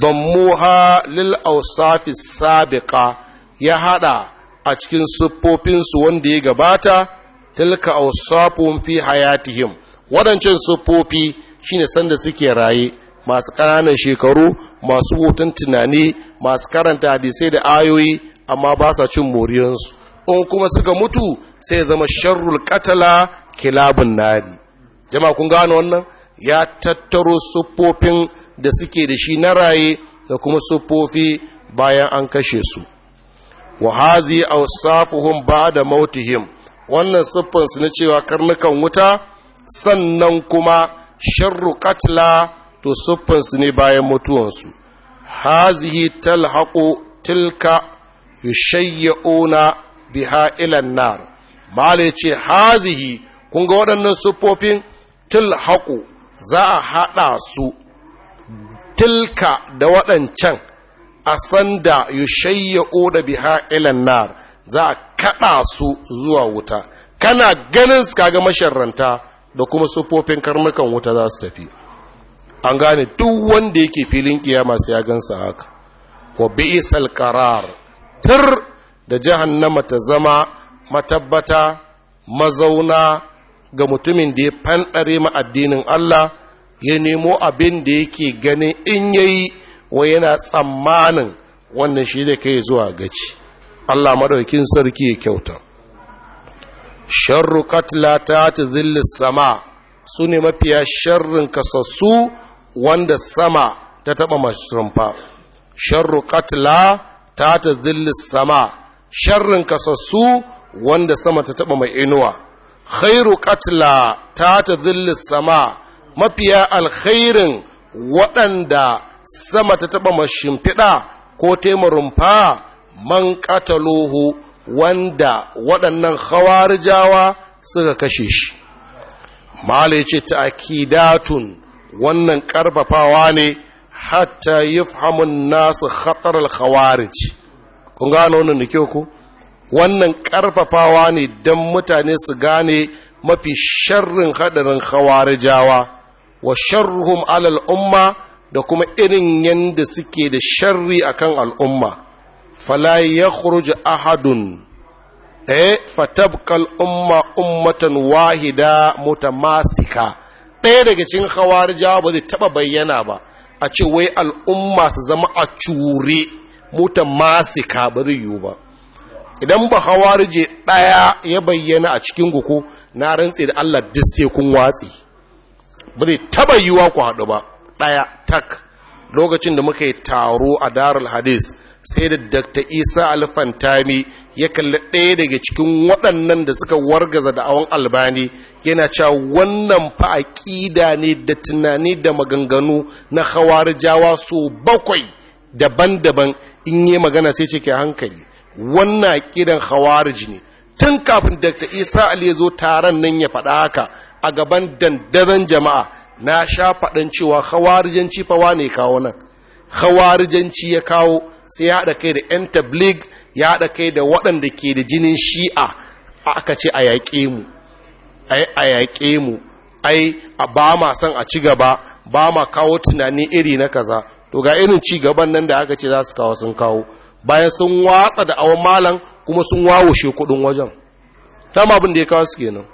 A: dammuha lil awsafi sabiqa ya hada a cikin siffofinsu wanda ya gabata tilka awsafun fi hayatihim Waɗancan siffofi shine sanda suke raye masu ƙananan shekaru masu hutun tunani masu karanta hadisai da ayoyi amma ba sa cin moriyansu in kuma suka mutu sai zama sharrul katala kilabun nari jama'a kun gano wannan ya tattaro siffofin da suke da shi na raye da kuma siffofi bayan an kashe su wa hazi awsafuhum ba'da mautihim wannan siffan su na cewa karnukan wuta sannan kuma sharru katla to siffan su ne bayan mutuwansu hazihi talhaqu tilka yushayyuna biha ilan nar mala ya ce hazihi kun ga waɗannan siffofin tilhaku za a haɗa su tilka da waɗancan a sanda yushayya da biha ilan nar za a kaɗa su zuwa wuta kana ganin su kaga masharranta da kuma siffofin karnukan wuta za su tafi an gane duk wanda yake filin kiyama sai ya gansa haka wa bi'sal qarar tur. da jahannama ta zama matabbata mazauna ga mutumin da ya fanɗare ma addinin Allah ya nemo abin da yake ganin in yayi wa yana tsammanin wannan shi da kai zuwa gaci Allah maɗaukin sarki ya kyauta sharru katla ta zillis sama su ne mafiya sharrin kasassu wanda sama ta taɓa rumfa. sharru katla ta zillis sama sharrin kasassu wanda sama ta taba mai inuwa khairu katla ta ta sama mafiya alkhairin waɗanda sama ta taba mashimfiɗa ko taimarumfa man kataluhu wanda waɗannan hawarijawa suka kashe shi malai ce ta akidatun wannan ƙarfafawa ne hatta yi nasu khatar al-khawarij kun gano wannan da kyau ku wannan karfafawa ne don mutane su gane mafi sharrin hadarin jawa wa sharruhum alal umma da kuma irin yadda suke da sharri akan al'umma fala yakhruj ahadun eh fatabkal umma ummatan wahida mutamasika ɗaya daga cikin jawa ba zai taba bayyana ba a ce wai al'umma su zama a cure motar masika ba zai yiwu ba idan ba hawarije ɗaya ya bayyana a cikin guku na rantse da Allah disse kun watsi ba zai taba yiwuwa ku haɗu ba ɗaya tak lokacin da muka yi taro a darul hadis sai da dr isa alfantami ya kalli ɗaya daga cikin waɗannan da suka wargaza da awon albani yana cewa wannan fa aƙida ne da tunani da maganganu na hawar jawa so bakwai daban-daban in yi magana sai ce hankali wannan kidan hawarji ne tun kafin dr isa ali ya zo taron nan ya faɗa haka a gaban dandazon jama'a na sha faɗan cewa hawarjanci fawa ne kawo nan hawarjanci ya kawo sai ya haɗa kai da 'yan tablig ya haɗa kai da waɗanda ke da jinin shi'a aka ce a yaƙe mu a yaƙe mu ai ba ma son a ci gaba ba ma kawo tunani iri na kaza to ga irin ci gaban nan da aka ce za su kawo sun kawo bayan sun watsa da awon malam kuma sun wawushe kudin wajen dama abin da ya kawo su kenan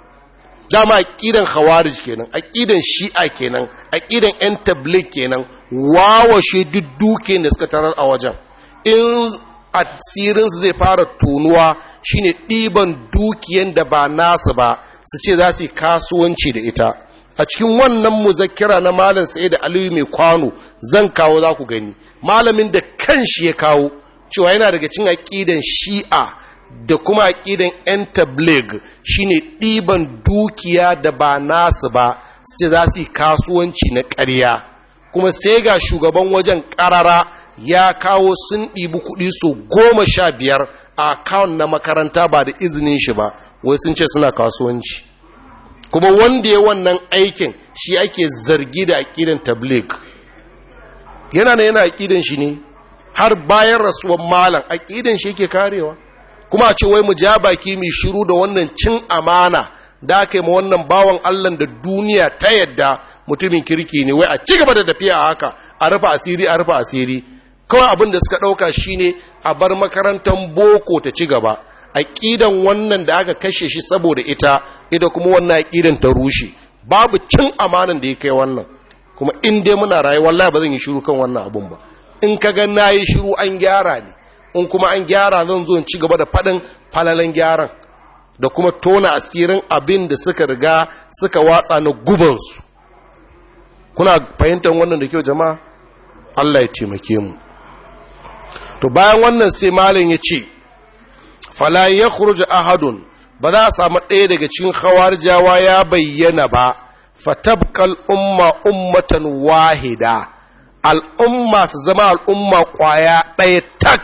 A: dama aqidan khawarij kenan aqidan shi'a kenan aqidan yan tabligh kenan wawashe duk duke da suka tarar a wajen in asirinsu zai fara tonuwa shine ɗiban dukiyan da ba nasu ba su ce za su yi kasuwanci da ita a cikin wannan muzakira na malam sai da aliyu mai kwano zan kawo za ku gani malamin da kan shi ya kawo cewa yana daga cin aƙidan shi'a da kuma aƙidan yan tablig shine ɗiban dukiya da ba nasu ba su ce za su yi kasuwanci na ƙarya kuma sai ga shugaban wajen ƙarara ya kawo sun ɗibi kuɗi so goma sha biyar account na makaranta ba da izinin shi ba wai sun ce suna kasuwanci kuma wanda ya wannan aikin shi ake zargi da aƙidan tablik yana na yana aƙidan shi ne har bayan rasuwan malam aƙidan shi yake karewa kuma a ce wai mu ja baki mai shiru da wannan cin amana da aka yi ma wannan bawan allah da duniya ta yadda mutumin kirki ne wai a ci gaba da tafiya a haka a rufa asiri a rufa asiri kawai abin da suka ɗauka shine a bar makarantar boko ta ci gaba a aƙidan wannan da aka kashe shi saboda ita ita kuma wannan ƙidan ta rushe babu cin amanan da ya kai wannan kuma in dai muna rayuwa wallahi ba zan yi shiru kan wannan abun ba in ka ga na yi shiru an gyara ne in kuma an gyara zan zo in ci gaba da faɗin falalan gyaran da kuma tona asirin abin da suka riga suka watsa na gubansu kuna fahimtar wannan da kyau jama'a Allah ya taimake mu to bayan wannan sai malin ya ce fala ya ahadun ba za a samu ɗaya daga cikin jawa ya bayyana ba fatabkal umma ummatan wahida al'umma su zama al'umma kwaya ɗaya tak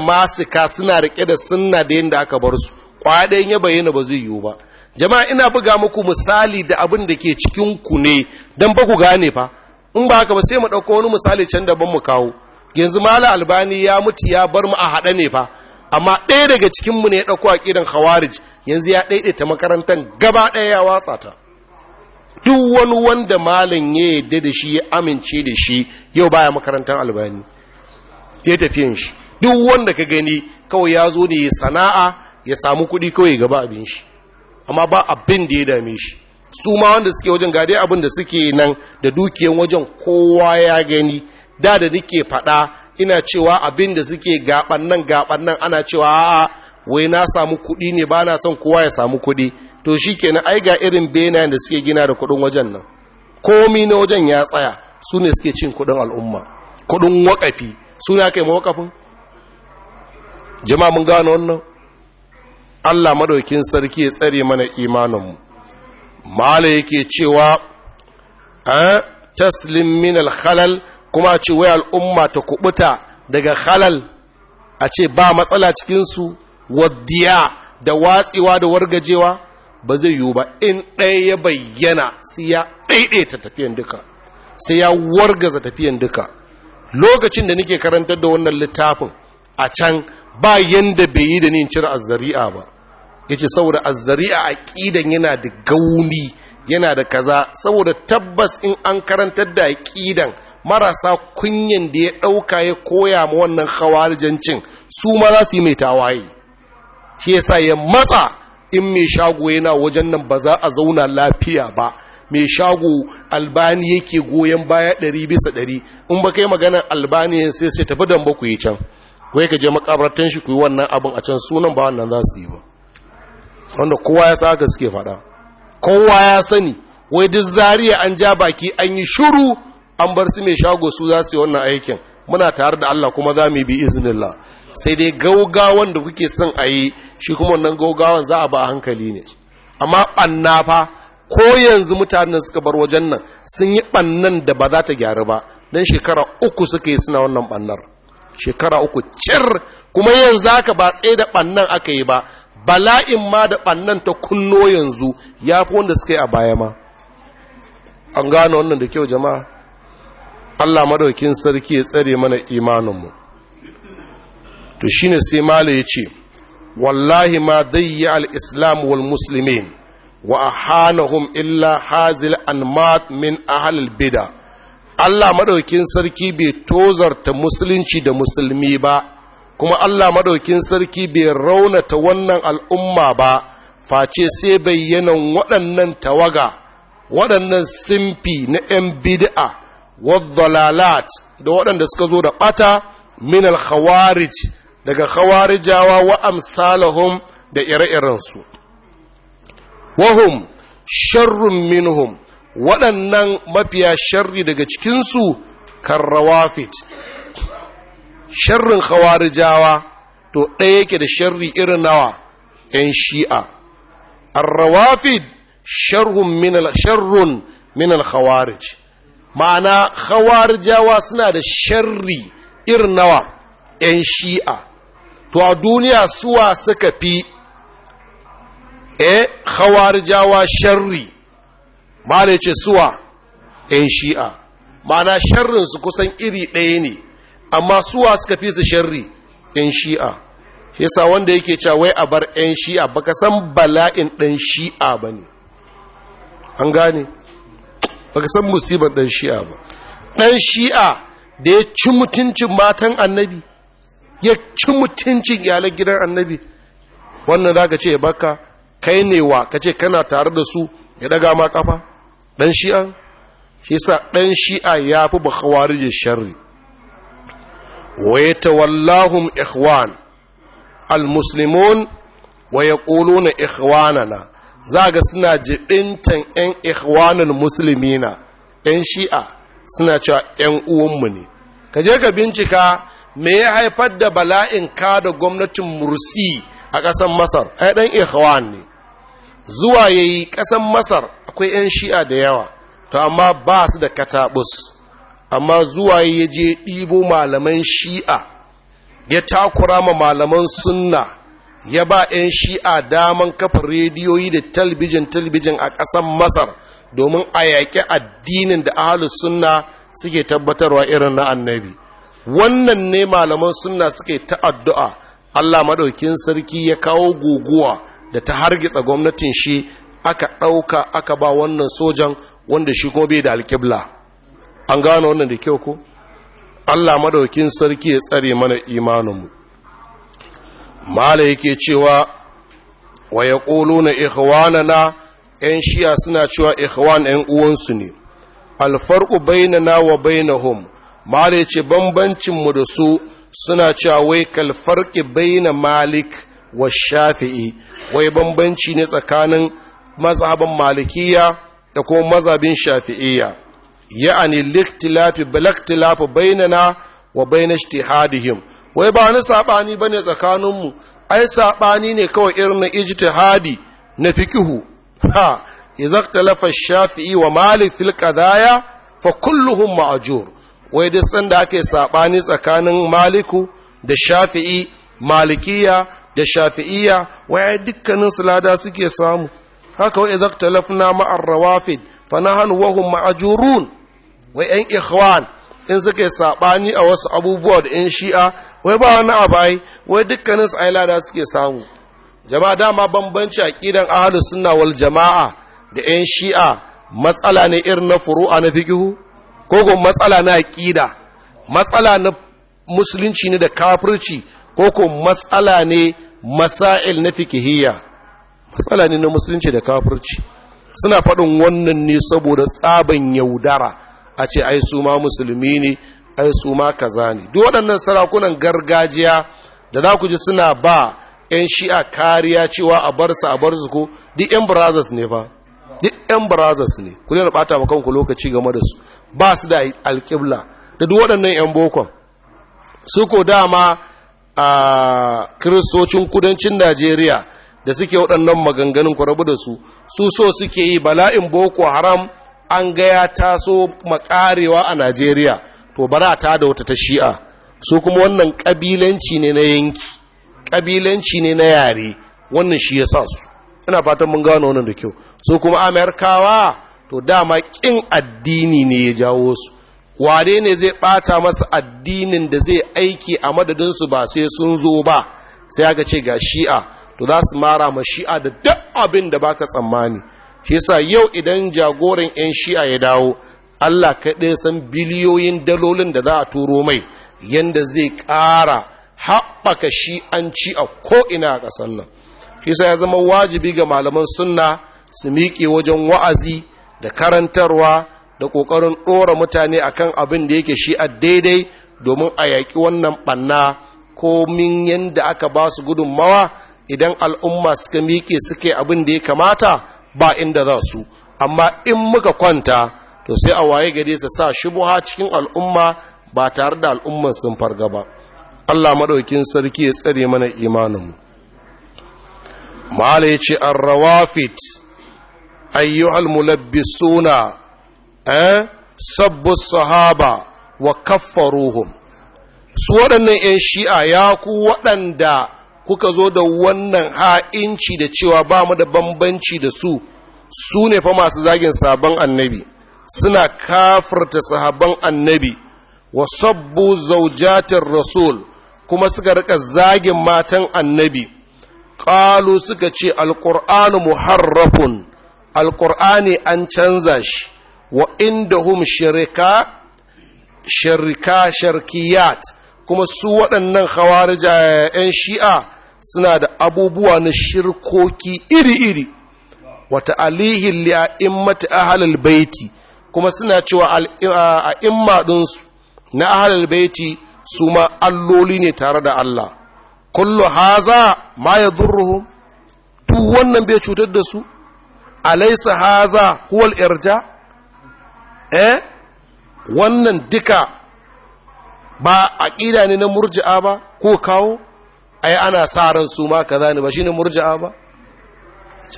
A: masika suna riƙe da sunna da yadda aka bar su kwaya ɗayan ya bayyana ba zai yiwu ba jama'a ina buga muku misali da abin da ke cikin ku ne don ba ku gane fa in ba haka ba sai mu ɗauko wani misali can daban mu kawo yanzu mala albani ya mutu ya bar mu a haɗe ne fa amma ɗaya daga cikinmu ne ya ɗauko a ƙidan khawarij yanzu ya ɗaiɗaita makarantar gaba ɗaya ya watsa ta duk wani wanda malin ya yadda da shi ya amince da shi yau baya makarantar albani ya yin shi duk wanda ka gani kawai ya zo ne ya sana'a ya samu kuɗi kawai gaba abin shi amma ba abin da ya dame shi su ma wanda suke wajen gade abin da suke nan da dukiyan wajen kowa ya gani da da nike faɗa ina cewa abin da suke gaban nan gaban nan ana cewa a'a wai na samu kuɗi ne ba na son kowa ya samu kuɗi to shi kenan ai ga irin benayen da suke gina da kuɗin wajen nan komi na wajen ya tsaya su ne suke cin kuɗin al'umma kuɗin wakafi su ne aka yi mawakafin jama'a mun gano wannan allah madaukin sarki ya tsare mana imaninmu mala yake cewa a eh, taslim min alhalal kuma a ce wai al'umma ta kubuta daga halal a ce ba matsala cikinsu waddiya da watsewa da wargajewa ba zai yiwu ba in ɗaya ya bayyana sai ya ɗaiɗaita tafiyan duka sai ya wargaza tafiyan duka lokacin da nake karantar da wannan littafin a can ba yanda bai yi da ni cire azzari'a ba yace saboda azzari'a ƙidan yana da gauni yana da kaza saboda tabbas in an karantar da ƙidan. marasa kunyan da ya ɗauka ya koya ma wannan khawarijancin su ma za su yi mai tawaye shi sa ya matsa in mai shago yana wajen nan ba za a zauna lafiya ba mai shago albani yake goyon baya ɗari bisa ɗari in ba kai maganar albani sai sai tafi don ba ku yi can kuwa ka je makabartan shi ku yi wannan abin a can sunan ba wannan za su yi ba wanda kowa ya saka suke faɗa kowa ya sani wai duk zariya an ja baki an yi shuru an bar su mai shago su za su yi wannan aikin muna tare da Allah kuma za mu bi iznillah sai dai gaugawan da kuke son a yi shi kuma wannan gaugawan za a ba a hankali ne amma ɓanna fa ko yanzu mutanen suka bar wajen nan sun yi ɓannan da ba za ta gyaru ba don shekara uku suka yi suna wannan ɓannar shekara uku cir kuma yanzu aka ba tsaye da ɓannan aka yi ba bala'in ma da ɓannan ta kunno yanzu ya fi wanda suka yi a baya ma an gane wannan da kyau jama'a Allah madaukin sarki ya tsare mana imaninmu to shine sai malai ya ce wallahi ma dayya al-islam wal muslimin wa ahanahum illa hazil anmat min ahlil bid'a Allah madaukin sarki bai tozarta musulunci da musulmi ba kuma Allah madaukin sarki bai raunata wannan al'umma ba face sai bayyanan waɗannan tawaga waɗannan simfi na 'yan bid'a waddalalat da waɗanda suka zo da ɓata min al daga khawarijawa wa amsalahum da ire-irensu wahum sharrun minhum waɗannan mafiya sharri daga cikinsu karrawafit sharrin khawarijawa to ɗaya yake da sharri irin nawa ‘yan shi'a arrawafid sharrun min al-khawarij ma'ana jawa suna da sharri irnawa nawa 'yan shi'a to a duniya suwa suka fi e eh, jawa sharri da ce suwa 'yan shi'a ma'ana sharrinsu kusan iri ɗaya ne amma suwa suka fi su sharri 'yan shi'a shi sa wanda yake cawai wai a bar 'yan shi'a baka san bala'in ɗan shi'a ba ne an gane baka san musibar dan shi'a ba dan shi'a da ya ci mutuncin matan annabi ya ci mutuncin iyalan gidan annabi wannan za ka ce baka kai ne wa ka ce kana tare da su ya daga ma kafa dan shi'a shi sa dan shi'a ya fi bakawari da sharri wa ya ikhwan al-muslimun wa yaquluna ikhwanana za ga suna jibintan 'yan ikhwanul musulmina 'yan shi'a suna cewa 'yan uwanmu ne ka je ka bincika me ya haifar da bala'in ka da gwamnatin mursi a ƙasar masar a ɗan ikhwan ne zuwa ya yi ƙasar masar akwai 'yan shi'a da yawa to amma ba su da kataɓus amma zuwa ya je ɗibo malaman shi'a ya takura ma malaman sunna ya ba 'yan shi'a daman kafa rediyoyi da talbijin talbijin a ƙasar masar domin a yaƙi addinin da ahalus sunna suke tabbatarwa irin na annabi wannan ne malaman sunna suke ta'addu'a. allah maɗaukin sarki ya kawo guguwa da ta hargitsa gwamnatin shi aka ɗauka aka ba wannan sojan wanda shi kuma bai da alƙibla an gano wannan da kyau ko allah maɗaukin sarki ya tsare mana imaninmu mala yake cewa wa ya ƙolo na ikhwanana ‘yan shiya suna cewa ikhwan ‘yan uwansu ne alfarku bainana wa bainahum mala ya ce mu da su suna cewa wai kalfarki baina malik wa shafi'i wai bambanci ne tsakanin mazhabin malikiya da kuma mazhabin shafi'iyya ya'ani liktilafi bainana wa bainashtihadihim wai ba ni saɓani ba ne tsakaninmu ai saɓani ne kawai irin na ijtihadi na fikihu ha idza talafa shafi'i wa malik fil qadaya fa kulluhum ma'jur wai duk sanda ake saɓani tsakanin maliku da shafi'i malikiya da shafi'iya wai dukkanin sulada suke samu haka wai idza talafna ma'ar rawafid fa nahnu wa hum ma'jurun wai 'yan ikhwan in suka yi saɓani a wasu abubuwa da 'yan shi'a wai ba wani abayi, wai dukkanin su lada suke samu jama'a dama bambanci a ƙidan ahalu suna wal jama'a da 'yan shi'a matsala ne irin na furu'a na fikihu ko kuma matsala na ƙida matsala na musulunci ne da kafirci ko kuma matsala ne masail na fikihiyya matsala ne na musulunci da kafirci suna faɗin wannan ne saboda tsaban yaudara a ce ai su ma musulmi ne ai su ma kaza ne duk waɗannan sarakunan gargajiya da za ku ji suna ba 'yan shi'a kariya cewa a bar su a bar su ko duk 'yan brazos ne ba, duk 'yan brazos ne ku ne ɓata ma kanku lokaci game da su ba su da alƙibla da duk waɗannan 'yan bokon su ko dama a kiristocin kudancin najeriya da suke waɗannan maganganun ku rabu da su su so suke yi bala'in boko haram an gaya ya taso makarewa a najeriya to bara ta da wata ta shi'a su kuma wannan ƙabilanci ne na yanki ƙabilanci ne na yare wannan shi ya sa su ina fatan mun gano wannan da kyau su kuma amerikawa to dama kin addini ne ya jawo su ware ne zai bata masa addinin da zai aiki a madadinsu ba sai sun zo ba sai aka ce ga shi'a to za su mara ma shi'a da duk abin da baka tsammani shi sa yau idan jagoran 'yan shi'a ya dawo allah kaɗai san biliyoyin dalolin da za a turo mai yadda zai ƙara haɓaka shi'anci a ko'ina a ƙasar nan shi sa ya zama wajibi ga malaman sunna su miƙe wajen wa'azi da karantarwa da ƙoƙarin ɗora mutane akan abin da yake shi'a daidai domin a yaƙi wannan ɓanna komin yadda aka ba su gudunmawa idan al'umma suka miƙe suke abin da ya kamata ba inda za su amma in muka kwanta to sai a waye gare su sa shubuha cikin al'umma ba tare da al'umman sun farga ba Allah madaukin sarki ya tsare mana imaninmu mala yace ar-rawafit ayyuhal mulabbisuna eh sabbu sahaba wa kaffaruhum su waɗannan 'yan shi'a ya ku waɗanda kuka zo da wannan ha'inci da cewa ba mu da bambanci da su su ne fa masu zagin sabon annabi suna kafirta sahabban annabi wa sabbu zaujatin rasul kuma suka rika zagin matan annabi ƙalu suka ce alƙur'anu muharrafun alƙur'ani an canza shi wa inda shirika shirika sharkiyat kuma su waɗannan hawarija 'yan eh, shi'a suna da abubuwa na shirkoki iri-iri wata alihin li'a'immata ahalal baiti kuma suna cewa eh, a'imma ɗinsu na ahalal baiti su ma alloli ne tare da Allah kullu haza ma ya zurruhu? duk wannan bai cutar da su alaisa haza huwal irja eh wannan duka ba a ƙida ne na murji'a ba ko kawo ai ana sa ran su ma kaza ne ba shine murji'a ba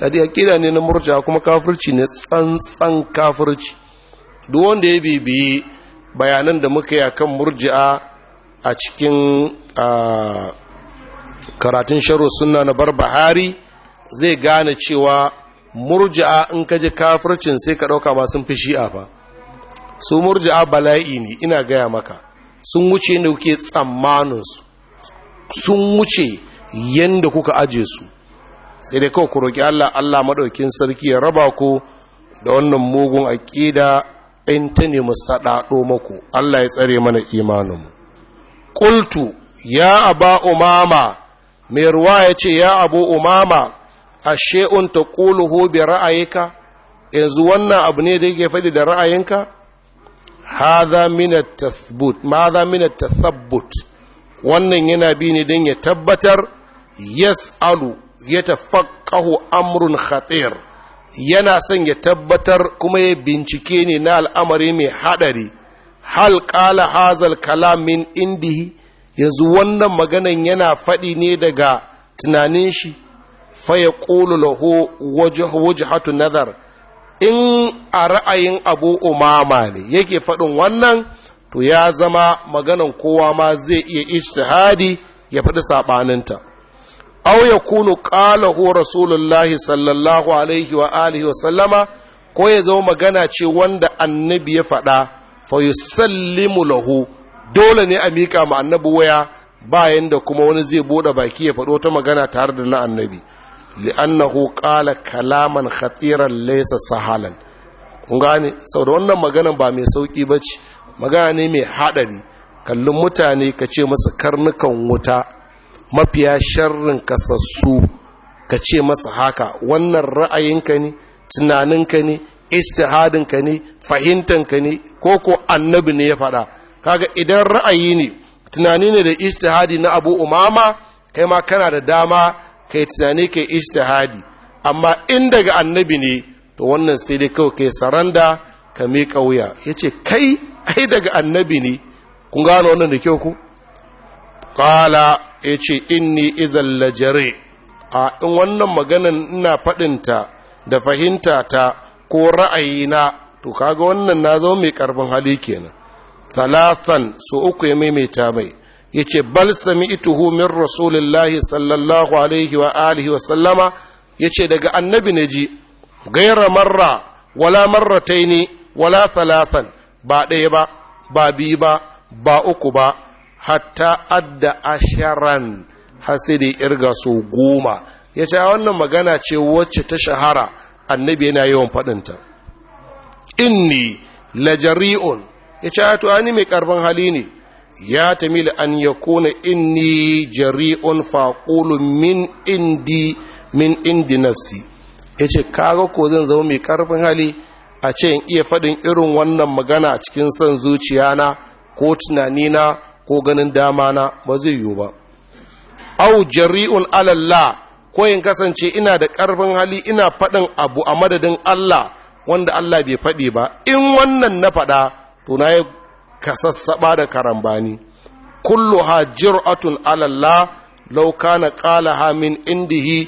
A: a ƙida ne na murji'a kuma kafirci ne tsantsan kafirci duk wanda ya bibiyi bayanan da muka yi akan murji'a a cikin karatun Sharo suna na bar barbahari zai gane cewa murji'a in ka ji kafircin sai ka ɗauka ma sun fi shi'a ba. su murji'a bala'i ne ina gaya maka sun wuce yadda kuke tsammaninsu sun wuce yadda kuka aje su sai dai kawai ku roƙi Allah Allah maɗaukin sarki ya raba ku da wannan mugun aƙida in ta nemi saɗaɗo maku Allah ya tsare mana imaninmu ƙultu ya aba umama mai ruwa ya ce ya abu umama a un ta ƙuluhu bi ra'ayika yanzu wannan abu ne da yake faɗi da ra'ayinka hadha min tathbut wannan yana bi ne don ya tabbatar yas'alu ya tafaqqahu amrun khatir yana son ya tabbatar kuma ya bincike ne na al'amari mai hadari hal qala hazal kalam min indihi yanzu wannan maganan yana faɗi ne daga tunanin shi fa yaqulu lahu wajhatu nazar in a ra'ayin abu umama ne yake faɗin wannan to ya zama maganan kowa ma zai iya ijtihadi ya faɗi saɓaninta aw ya kunu hu! rasulullahi sallallahu alaihi wa alihi wa sallama ko ya zama magana ce wanda annabi ya faɗa fa yusallimu lahu dole ne a miƙa ma annabi waya bayan da kuma wani zai buɗe baki ya faɗo ta magana tare da na annabi li'annahu qala kalaman khatiran laysa sahalan kun gane saboda wannan magana ba mai sauki bace magana ne mai hadari kallon mutane ka ce masa karnukan wuta mafiya sharrin kasassu ka ce masa haka wannan ra'ayinka ne tunaninka ne istihadinka ne fahimtanka ne ko ko annabi ne ya faɗa kaga idan ra'ayi ne tunani ne da istihadi na abu umama kai ma kana da dama kai tunani kai ijtihadi amma in daga annabi ne to wannan sai dai kawai kai saranda ka miƙa wuya ce kai ai daga annabi ne kun gano wannan da kyau ku ce yace inni izalla jere. a in wannan maganan ina faɗinta da fahimta ta ko ra'ayina to kaga wannan na zama mai karbin hali kenan talatan su uku ya maimaita mai yace bal sami'tuhu min rasulillahi sallallahu alaihi wa alihi wa sallama yace daga annabi ne ji gaira marra wala marrataini wala thalathan ba ɗaya ba ba biyu ba ba uku ba hatta adda asharan hasidi irga su goma yace wannan magana ce wacce ta shahara annabi yana yawan faɗinta inni lajari'un yace to ani mai karban hali ne ya tamil an ya yakuna inni jari'un faqulu min indi min indi nafsi ce, kaga ko zan zama mai karfin hali a ce in iya faɗin irin wannan magana a cikin son zuciya na ko tunani na ko ganin dama na ba zai yiwu ba au jari'un alalla ko in kasance ina da karfin hali ina faɗin abu a madadin Allah wanda Allah bai faɗi ba in wannan na faɗa to na yi kasassaɓa da karambani kullu ha jir'atun alalla law kana ƙala min indihi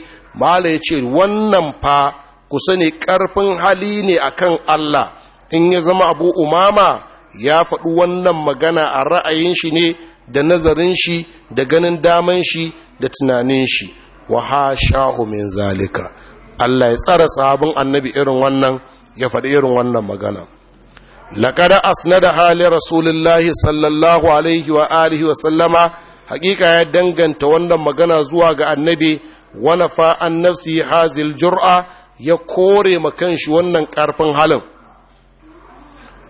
A: mala yace wannan fa ku sani karfin hali ne akan Allah in ya zama Abu Umama ya faɗi wannan magana a ra'ayin shi ne da nazarin shi da ganin daman shi da tunanin shi wa hashahu min zalika Allah ya tsara sabon annabi irin wannan ya faɗi irin wannan magana laƙada asnada hali rasulullahi sallallahu alaihi wa sallama haƙiƙa ya danganta wannan magana zuwa ga annabi wani fa'an nafsi hazil jur'a ya kore makan shi wannan ƙarfin halin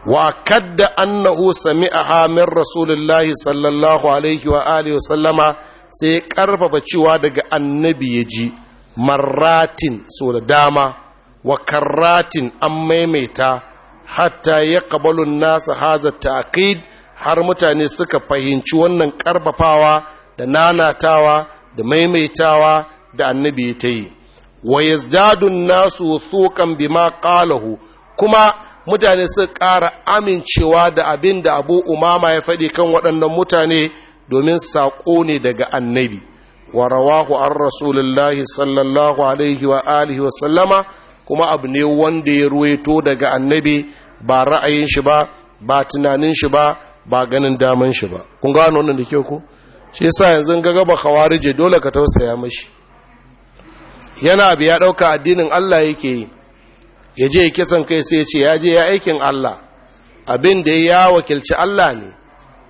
A: wa kadda annahu sami'aha min rasulullahi sallallahu alaihi wa sallama sai ya ƙarfafa cewa daga annabi ya ji marratin so da dama wa karratin an maimaita hatta ya ƙabalun nasa haza ta'aqid har mutane suka fahimci wannan ƙarfafawa da nanatawa da maimaitawa da annabi ta yi wa yazdadun nasu bi ma ƙalahu, kuma mutane suka ƙara amincewa da abin da Abu Umama ya faɗi kan waɗannan mutane domin saƙo ne daga annabi wa rawahu an rasulullahi sallallahu alaihi wa alihi wa sallama kuma abu ne wanda ya ruwaito daga annabi ba ra'ayin shi ba ba tunanin shi ba ba ganin daman shi ba kun gano wannan da ke ku shi yasa yanzu ga gaba khawarije dole ka tausaya mashi yana abu ya dauka addinin Allah yake yi ya je ya kisan kai sai ya ce ya je ya aikin Allah abin da ya wakilci Allah ne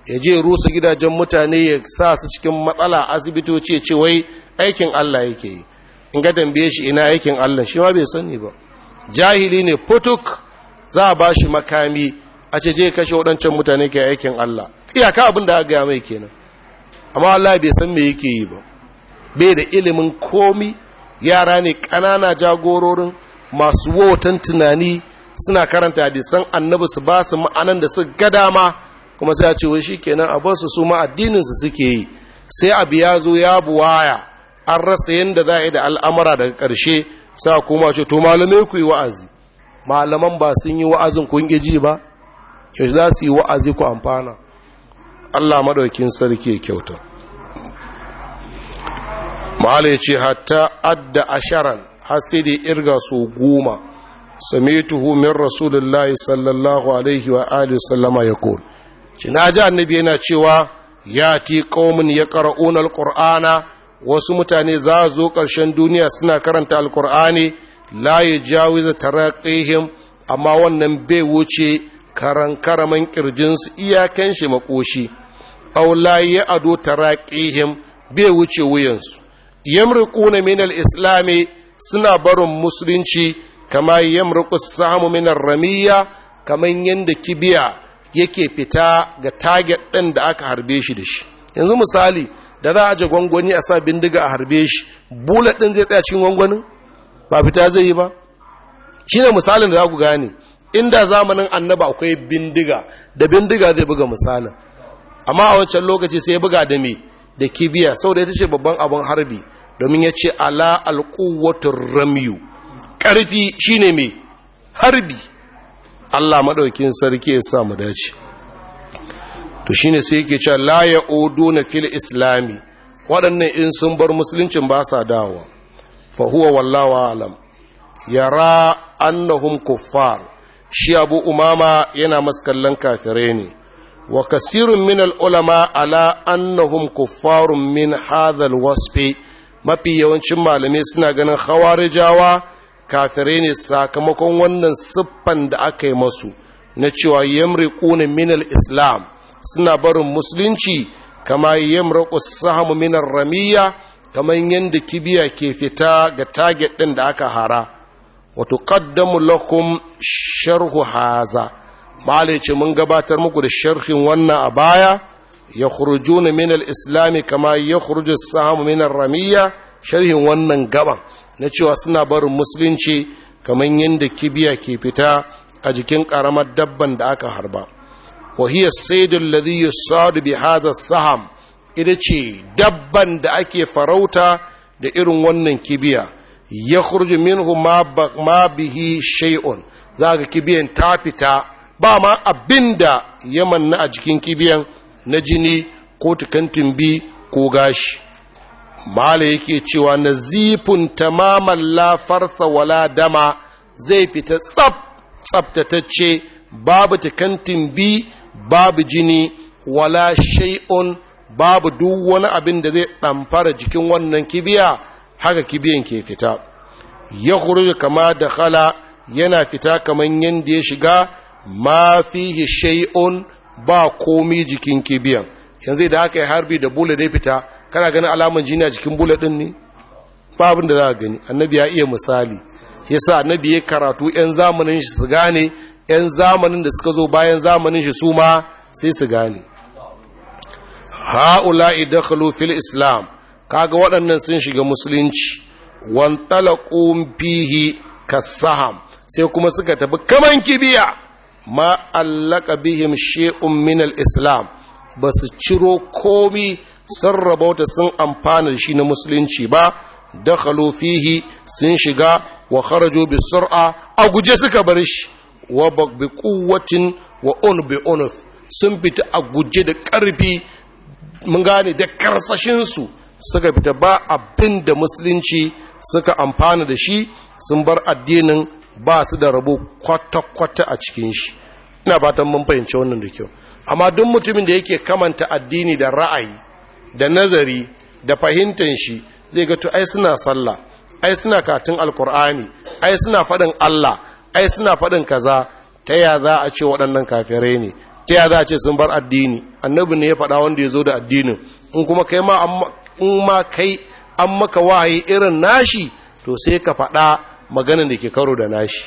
A: ya je rusa gidajen mutane ya sa su cikin matsala asibitoci ya ce wai aikin Allah yake yi in ga tambaye shi ina aikin Allah shi ma bai sani ba jahili ne fotuk za a ba shi makami a ce je kashe waɗancan mutane ke aikin Allah iyaka abin da aka mai kenan amma Allah bai san me yake yi ba bai da ilimin komi yara ne ƙanana jagororin masu wotan tunani suna karanta hadisan annabi su ba su ma'anan da su ga dama kuma sai a ce wai shikenan a bar su su ma addinin su suke yi sai abu ya zo ya buwaya an rasa yadda za a yi da al'amara daga ƙarshe sa kuma ce to malamai ku yi wa'azi malaman ba sun yi wa'azin kun ji ba yaushe za su yi wa'azi ku amfana allah maɗaukin sarki kyauta ya ce hatta adda asharan har sai da irga su goma tuhu min rasulullahi sallallahu alaihi wa alihi sallama ya kol ci ji annabi yana cewa ya ti ƙaumin ya ƙara'unar ƙur'ana wasu mutane za a zo ƙarshen duniya suna karanta alkur'ani layi, ya jawiza taraqihim amma wannan bai wuce karan karaman kirjinsu iyakan shi makoshi aw ya ado taraqihim bai wuce wuyansu yamriquna min minal islami suna barin musulunci kama yamriqu samu minar ramiya kaman yadda kibiya yake fita ga target ɗin da aka harbe shi da shi yanzu misali da za a ji gwangwani a sa bindiga a harbe shi bulat din zai tsaya cikin gwangwanin ba fita zai yi ba Shi ne misalin da za ku gane inda zamanin annaba akwai bindiga da bindiga zai buga misalin amma a wancan lokaci sai ya buga da me da kibiya sau da ya tashi babban abin harbi domin ya ce ala alƙuwatun ramyu ƙarfi ne me, harbi Allah maɗaukin sarki ya sa mu dace to shine sai yake cewa la ya'uduna fil islami waɗannan in sun bar musuluncin ba sa dawowa fa huwa wallahu alam yara annahum kuffar shi abu umama yana maskallan kafire ne wa kasirun min ulama ala annahum kuffarun min hadhal wasfi mafi yawancin malamai suna ganin khawarijawa kafire ne sakamakon wannan siffan da aka yi masu na cewa yamriquna min al-islam suna barin musulunci kama yamraku sahamu minar ramiya kamar yadda kibiya ke fita ga target ɗin da aka hara wato ƙaddamu lakum sharhu haza malice mun gabatar muku da sharhin wannan a baya ya khurujuna na minar islami kama ya khuruju sahamu minar ramiya sharhin wannan gaban na cewa suna barin musulunci kamar yadda kibiya ke fita a jikin ƙaramar dabban da aka harba wa hiya saydul ladhi bi hadha saham ita ce dabban da ake farauta da irin wannan kibiya ya khurju minhu ma bihi shay'un zaka kibiyan ta fita ba ma abinda ya manna a jikin kibiyan na jini ko tukantin bi ko gashi mala yake cewa nazifun tamaman la farsa wala dama zai fita tsab tsabtatacce babu tukantin bi babu jini wala shay'un babu duk wani abin da zai ɗamfara jikin wannan kibiya haka kibiyan ke fita ya kama da khala yana fita kamar yadda ya shiga ma fihi shay'un ba komi jikin kibiyan yanzu da haka ya harbi da bula dai fita kana ganin alaman jini a jikin bula din ne ba da za a gani annabi ya iya misali yasa annabi ya karatu yan zamanin shi su gane 'yan zamanin da suka zo bayan zamanin shi su ma sai su gane ha'ula idakhalu fil islam kaga waɗannan sun shiga musulunci wan talaqum fihi kasaham sai kuma suka tafi kaman kibiya ma allaka bihim she’un min al islam basu ciro komi sun rabauta sun amfana shi na musulunci ba dakhalu fihi sun shiga wa kharaju bi sur'a a guje suka bar shi wa bi kuwatin wa un bi sun fita a guje da ƙarfi mun gane da karsashinsu suka fita ba abin da musulunci suka amfana da shi sun bar addinin ba su da rabo kwata-kwata a cikin shi ina fatan mun fahimci wannan da kyau amma duk mutumin da yake kamanta addini da ra'ayi da nazari da fahimtar shi zai gato to ai suna sallah ai suna katun alkur'ani ai suna faɗin Allah ai suna faɗin kaza ta ya za a ce waɗannan kafirai ne ta ya za a ce sun bar addini annabi ne ya faɗa wanda ya zo da addinin in kuma kai ma in ma kai an maka wahayi irin nashi to sai ka faɗa maganin da ke karo da nashi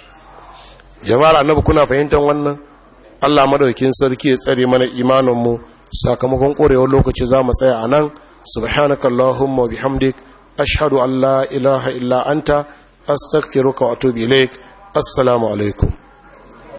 A: jama'ar annabi kuna fahimtar wannan Allah madaukin sarki ya tsare mana imanin mu sakamakon korewar lokaci za mu tsaya a nan subhanakallahumma bihamdik ashhadu an la ilaha illa anta astaghfiruka wa atubu ilaik assalamu alaikum